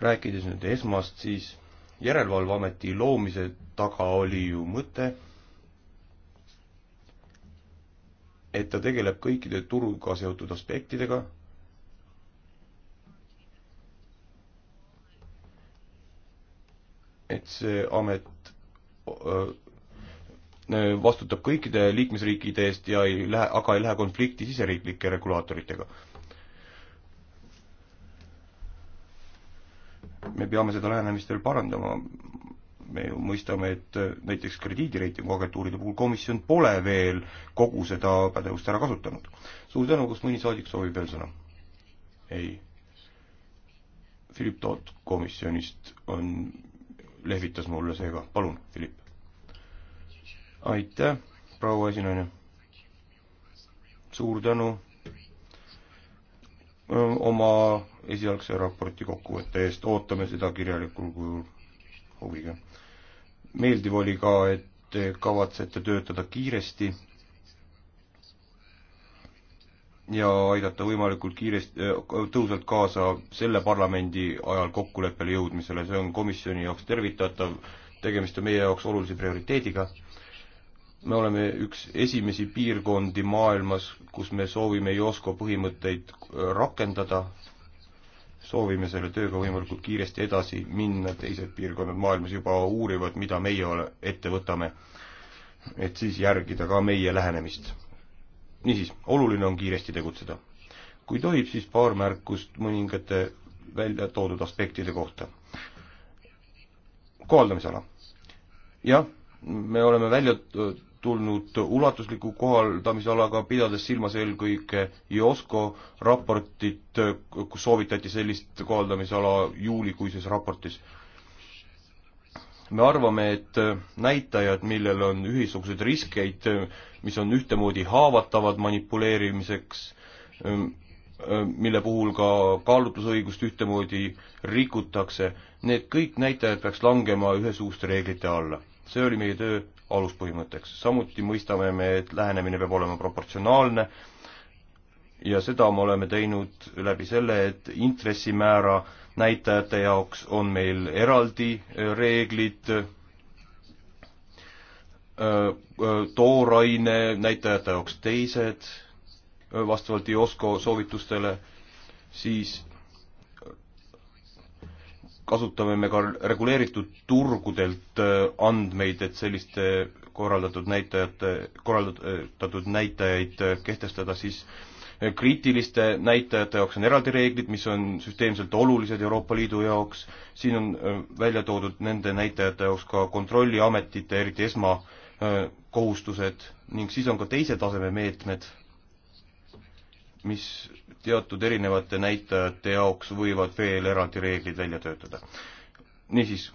rääkides nüüd esmast, siis järelevalveameti loomise taga oli ju mõte, et ta tegeleb kõikide turuga seotud aspektidega et see amet vastutab kõikide liikmesriikide eest ja ei lähe, aga ei lähe konflikti siseriiklike regulaatoritega. me peame seda lähenemist veel parandama. me ju mõistame, et näiteks krediidireitinguagentuuride puhul komisjon pole veel kogu seda pädevust ära kasutanud. suur tänu, kas mõni saadik soovib veel sõna? ei. Philip Toot komisjonist on lehvitas mulle seega, palun, Philipp. aitäh, proua esinaine. suur tänu oma esialgse raporti kokkuvõtte eest, ootame seda kirjalikul kujul huviga. meeldiv oli ka, et te kavatsete töötada kiiresti ja aidata võimalikult kiiresti, tõhusalt kaasa selle parlamendi ajal kokkuleppele jõudmisele, see on komisjoni jaoks tervitatav, tegemist on meie jaoks olulise prioriteediga. me oleme üks esimesi piirkondi maailmas, kus me soovime Josko põhimõtteid rakendada, soovime selle tööga võimalikult kiiresti edasi minna, teised piirkonnad maailmas juba uurivad, mida meie ole, ette võtame, et siis järgida ka meie lähenemist niisiis, oluline on kiiresti tegutseda. kui tohib, siis paar märkust mõningate välja toodud aspektide kohta. kohaldamisala. jah, me oleme välja tulnud ulatusliku kohaldamisalaga, pidades silmas eelkõige IOSCO raportit, kus soovitati sellist kohaldamisala juulikuises raportis me arvame, et äh, näitajad, millel on ühisuguseid riskeid, äh, mis on ühtemoodi haavatavad manipuleerimiseks, ähm, äh, mille puhul ka kaalutlusõigust ühtemoodi rikutakse, need kõik näitajad peaks langema ühesuguste reeglite alla. see oli meie töö aluspõhimõtteks. samuti mõistame me, et lähenemine peab olema proportsionaalne ja seda me oleme teinud läbi selle, et intressimäära äh, näitajate jaoks on meil eraldi äh, reeglid, äh, äh, tooraine näitajate jaoks teised, vastavalt IOSCO soovitustele, siis kasutame me ka reguleeritud turgudelt andmeid, et selliste korraldatud näitajate, korraldatud näitajaid kehtestada, siis äh, kriitiliste näitajate jaoks on eraldi reeglid, mis on süsteemselt olulised Euroopa Liidu jaoks, siin on välja toodud nende näitajate jaoks ka kontrolliametite, eriti esma kohustused ning siis on ka teise taseme meetmed, mis teatud erinevate näitajate jaoks võivad veel eraldi reeglid välja töötada. niisiis,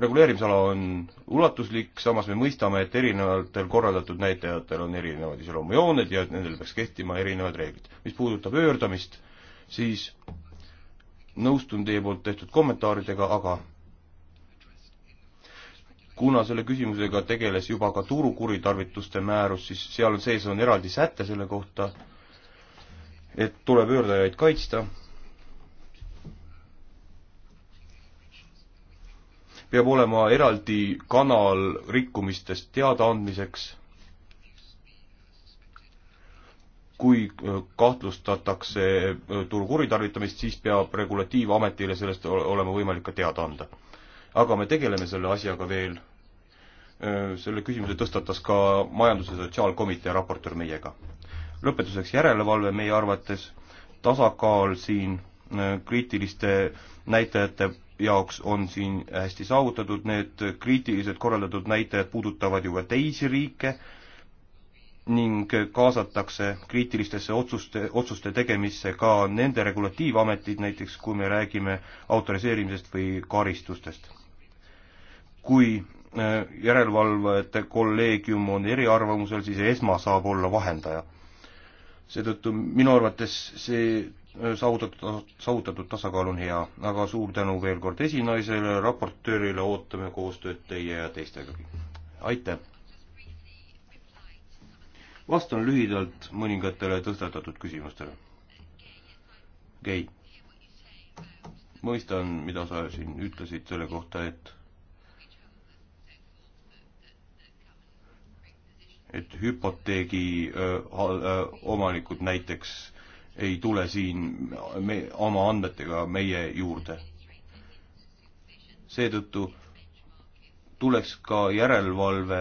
reguleerimisala on ulatuslik, samas me mõistame, et erinevatel korraldatud näitajatel on erinevad iseloomujooned ja et nendel peaks kehtima erinevad reeglid. mis puudutab pöördamist, siis nõustun teie poolt tehtud kommentaaridega, aga kuna selle küsimusega tegeles juba ka turukuritarvituste määrus, siis seal on sees, on eraldi säte selle kohta, et tuleb pöördajaid kaitsta peab olema eraldi kanal rikkumistest teadaandmiseks, kui äh, kahtlustatakse äh, turu kuritarvitamist, siis peab Regulatiivametile sellest olema võimalik ka teada anda. aga me tegeleme selle asjaga veel. Äh, selle küsimuse tõstatas ka Majandus- ja Sotsiaalkomitee raportöör meiega. lõpetuseks järelevalve meie arvates, tasakaal siin kriitiliste näitajate jaoks on siin hästi saavutatud, need kriitiliselt korraldatud näitajad puudutavad ju ka teisi riike ning kaasatakse kriitilistesse otsuste, otsuste tegemisse ka nende regulatiivametid, näiteks kui me räägime autoriseerimisest või karistustest. kui äh, järelevalvajate kolleegium on eriarvamusel, siis ESMA saab olla vahendaja. seetõttu minu arvates see saavutatud, saavutatud tasakaal on hea, aga suur tänu veel kord esinaisele, raportöörile, ootame koostööd teie ja teistegagi. aitäh! vastan lühidalt mõningatele tõstatatud küsimustele. Gei, mõistan, mida sa siin ütlesid selle kohta, et et hüpoteegi öö, äh, öö, äh, omanikud näiteks ei tule siin me, oma andmetega meie juurde. seetõttu tuleks ka järelevalve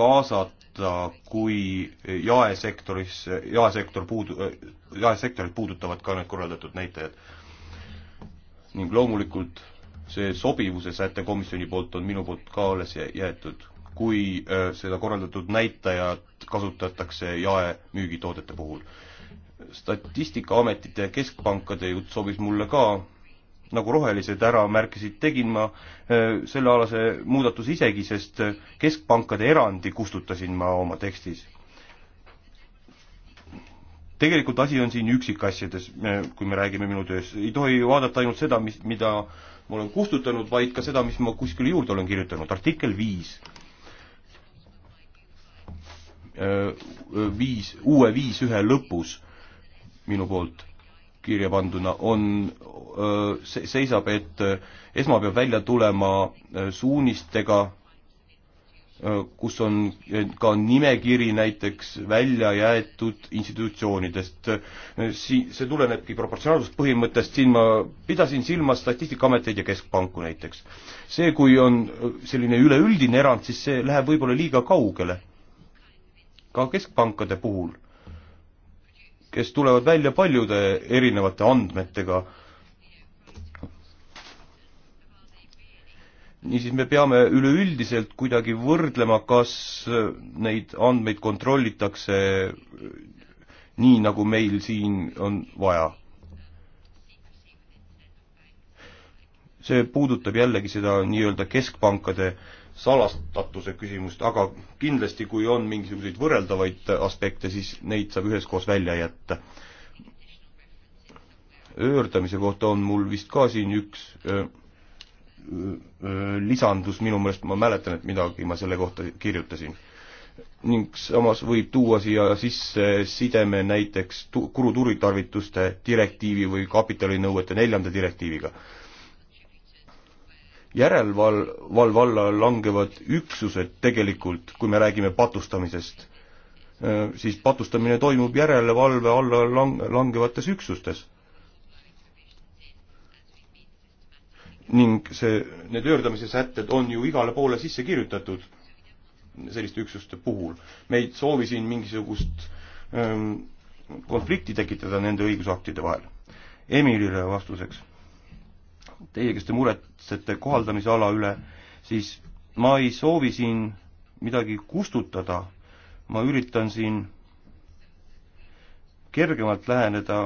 kaasata, kui jaesektoris, jaesektor puudu, jaesektorit puudutavad ka need korraldatud näitajad. ning loomulikult see sobivuse säte komisjoni poolt on minu poolt ka alles jäetud, kui äh, seda korraldatud näitajat kasutatakse jaemüügitoodete puhul statistikaametite ja keskpankade jutt sobis mulle ka, nagu rohelised ära märkisid, tegin ma äh, sellealase muudatuse isegi, sest äh, keskpankade erandi kustutasin ma oma tekstis. tegelikult asi on siin üksikasjades, äh, kui me räägime minu töös, ei tohi vaadata ainult seda, mis, mida ma olen kustutanud, vaid ka seda, mis ma kuskile juurde olen kirjutanud, artikkel viis viis, uue viis ühe lõpus minu poolt kirja panduna on, seisab, et esma peab välja tulema suunistega, kus on ka nimekiri näiteks välja jäetud institutsioonidest. Si-, see tulenebki proportsionaalsuspõhimõttest, siin ma pidasin silmas Statistikaameteid ja Keskpanku näiteks. see, kui on selline üleüldine erand, siis see läheb võib-olla liiga kaugele. ka keskpankade puhul kes tulevad välja paljude erinevate andmetega. niisiis, me peame üleüldiselt kuidagi võrdlema, kas neid andmeid kontrollitakse nii, nagu meil siin on vaja. see puudutab jällegi seda nii-öelda keskpankade äh, salastatuse küsimust, aga kindlasti kui on mingisuguseid võrreldavaid aspekte, siis neid saab üheskoos välja jätta. öördamise kohta on mul vist ka siin üks öö, öö, lisandus, minu meelest ma mäletan, et midagi ma selle kohta kirjutasin. ning samas võib tuua siia sisse sideme näiteks tu-, kuru turitarvituste direktiivi või kapitalinõuete neljanda direktiiviga järelevalve alla langevad üksused tegelikult, kui me räägime patustamisest, äh, siis patustamine toimub järelevalve alla lang-, langevates üksustes. ning see, need öördamise sätted on ju igale poole sisse kirjutatud selliste üksuste puhul. me ei soovi siin mingisugust öö, ähm, konflikti tekitada nende õigusaktide vahel. Emilile vastuseks teie, kes te muretsete kohaldamise ala üle, siis ma ei soovi siin midagi kustutada, ma üritan siin kergemalt läheneda,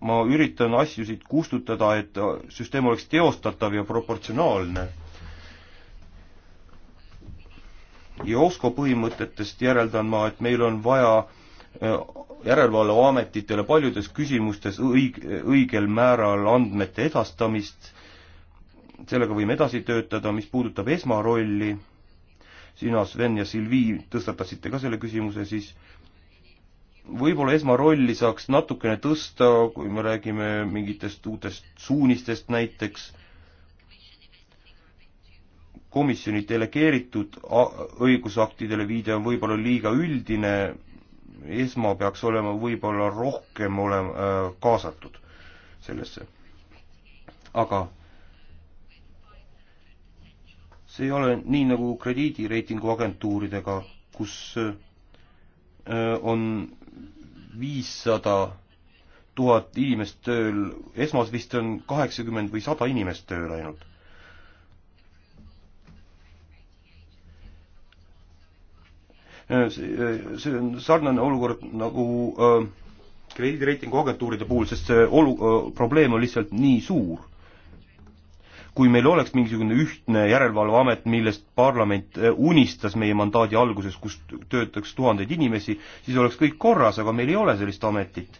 ma üritan asju siit kustutada, et süsteem oleks teostatav ja proportsionaalne. ja OSCO põhimõtetest järeldan ma, et meil on vaja järelevalveametitele paljudes küsimustes õig-, õigel määral andmete edastamist, sellega võime edasi töötada, mis puudutab esmarolli, sina, Sven ja Silvi tõstatasite ka selle küsimuse, siis võib-olla esmarolli saaks natukene tõsta, kui me räägime mingitest uutest suunistest näiteks, komisjoni delegeeritud õigusaktidele viide on võib-olla liiga üldine, ESMA peaks olema võib-olla rohkem olema äh, kaasatud sellesse. aga see ei ole nii nagu krediidireitingu agentuuridega, kus äh, on viissada tuhat inimest tööl, esmas vist on kaheksakümmend või sada inimest tööl ainult. Äh, äh, see on sarnane olukord nagu äh, krediidireitingu agentuuride puhul, sest see olu-, probleem on lihtsalt nii suur. kui meil oleks mingisugune ühtne järelevalveamet, millest parlament unistas meie mandaadi alguses, kus töötaks tuhandeid inimesi, siis oleks kõik korras, aga meil ei ole sellist ametit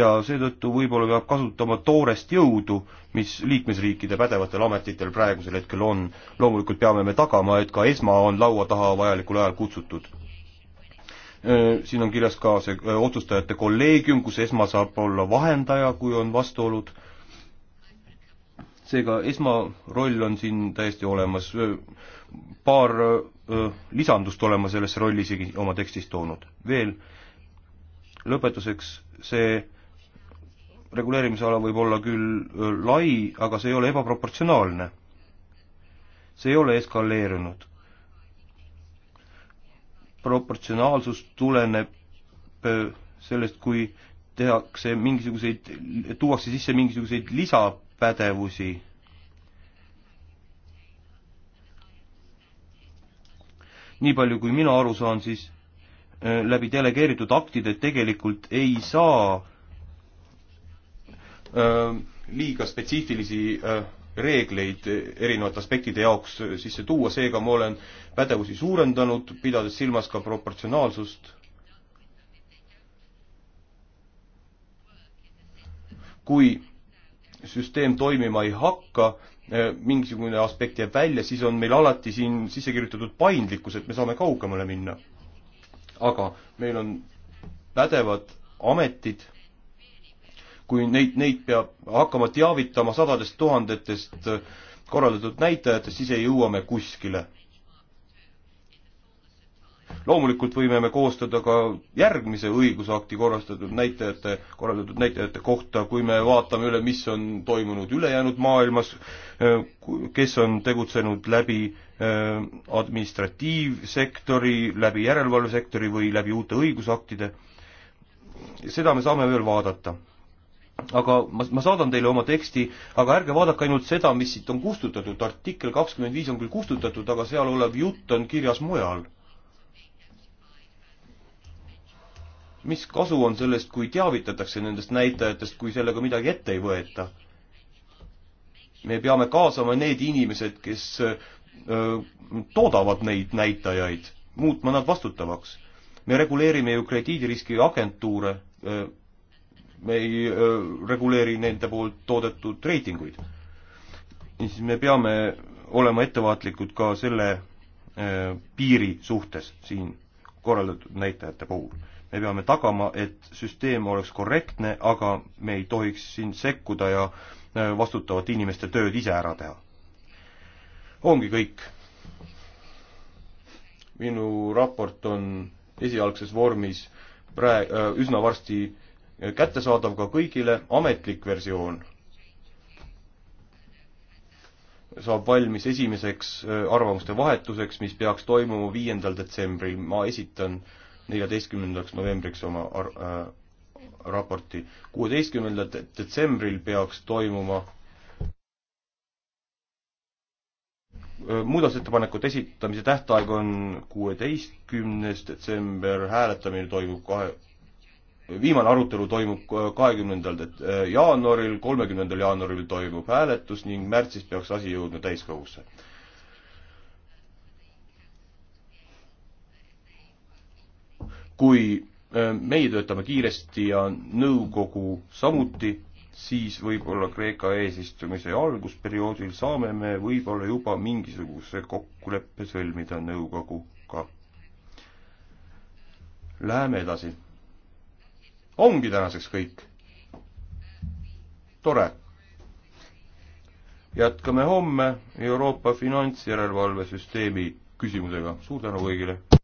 ja seetõttu võib-olla peab kasutama toorest jõudu, mis liikmesriikide pädevatel ametitel praegusel hetkel on. loomulikult peame me tagama, et ka ESMA on laua taha vajalikul ajal kutsutud. Äh, siin on kirjas ka see äh, otsustajate kolleegium, kus esma saab olla vahendaja, kui on vastuolud. seega esma roll on siin täiesti olemas, äh, paar lisandust olema sellesse rolli isegi oma tekstis toonud. veel lõpetuseks, see reguleerimisala võib olla küll lai, aga see ei ole ebaproportsionaalne. see ei ole eskaleerunud proportsionaalsus tuleneb sellest, kui tehakse mingisuguseid, tuuakse sisse mingisuguseid lisapädevusi. nii palju, kui mina aru saan, siis läbi delegeeritud aktide tegelikult ei saa öö, liiga spetsiifilisi öö, reegleid erinevate aspektide jaoks sisse tuua, seega ma olen pädevusi suurendanud, pidades silmas ka proportsionaalsust. kui süsteem toimima ei hakka, eh, mingisugune aspekt jääb välja, siis on meil alati siin sisse kirjutatud paindlikkus, et me saame kaugemale minna. aga meil on pädevad ametid kui neid, neid peab hakkama teavitama sadadest tuhandetest äh, korraldatud näitajatest, siis ei jõua me kuskile. loomulikult võime me koostada ka järgmise õigusakti korrastatud näitajate, korraldatud näitajate kohta, kui me vaatame üle, mis on toimunud ülejäänud maailmas, äh, kes on tegutsenud läbi äh, administratiivsektori, läbi järelevalvesektori või läbi uute õigusaktide. seda me saame veel vaadata aga ma, ma saadan teile oma teksti, aga ärge vaadake ainult seda, mis siit on kustutatud, artikkel kakskümmend viis on küll kustutatud, aga seal olev jutt on kirjas mujal. mis kasu on sellest, kui teavitatakse nendest näitajatest, kui sellega midagi ette ei võeta? me peame kaasama need inimesed, kes öö, toodavad neid näitajaid, muutma nad vastutavaks. me reguleerime ju krediidiriski agentuure öö, me ei reguleeri nende poolt toodetud reitinguid. siis me peame olema ettevaatlikud ka selle piiri suhtes siin korraldatud näitajate puhul. me peame tagama, et süsteem oleks korrektne, aga me ei tohiks siin sekkuda ja vastutavate inimeste tööd ise ära teha. ongi kõik. minu raport on esialgses vormis praegu, üsna varsti äh, kättesaadav ka kõigile ametlik versioon saab valmis esimeseks äh, arvamuste vahetuseks, mis peaks toimuma viiendal detsembril. ma esitan neljateistkümnendaks novembriks oma ar-, äh, raporti. kuueteistkümnendal detsembril peaks toimuma äh, muudatusettepanekute esitamise tähtaeg on kuueteistkümnes detsember, hääletamine toimub kahe, viimane arutelu toimub äh, kahekümnendal äh, jaanuaril, kolmekümnendal jaanuaril toimub hääletus ning märtsis peaks asi jõudma täiskogusse. kui äh, meie töötame kiiresti ja nõukogu samuti, siis võib-olla Kreeka eesistumise algusperioodil saame me võib-olla juba mingisuguse kokkuleppe sõlmida nõukoguga. Läheme edasi ongi tänaseks kõik. tore. jätkame homme Euroopa finantsjärelevalvesüsteemi küsimusega. suur tänu kõigile!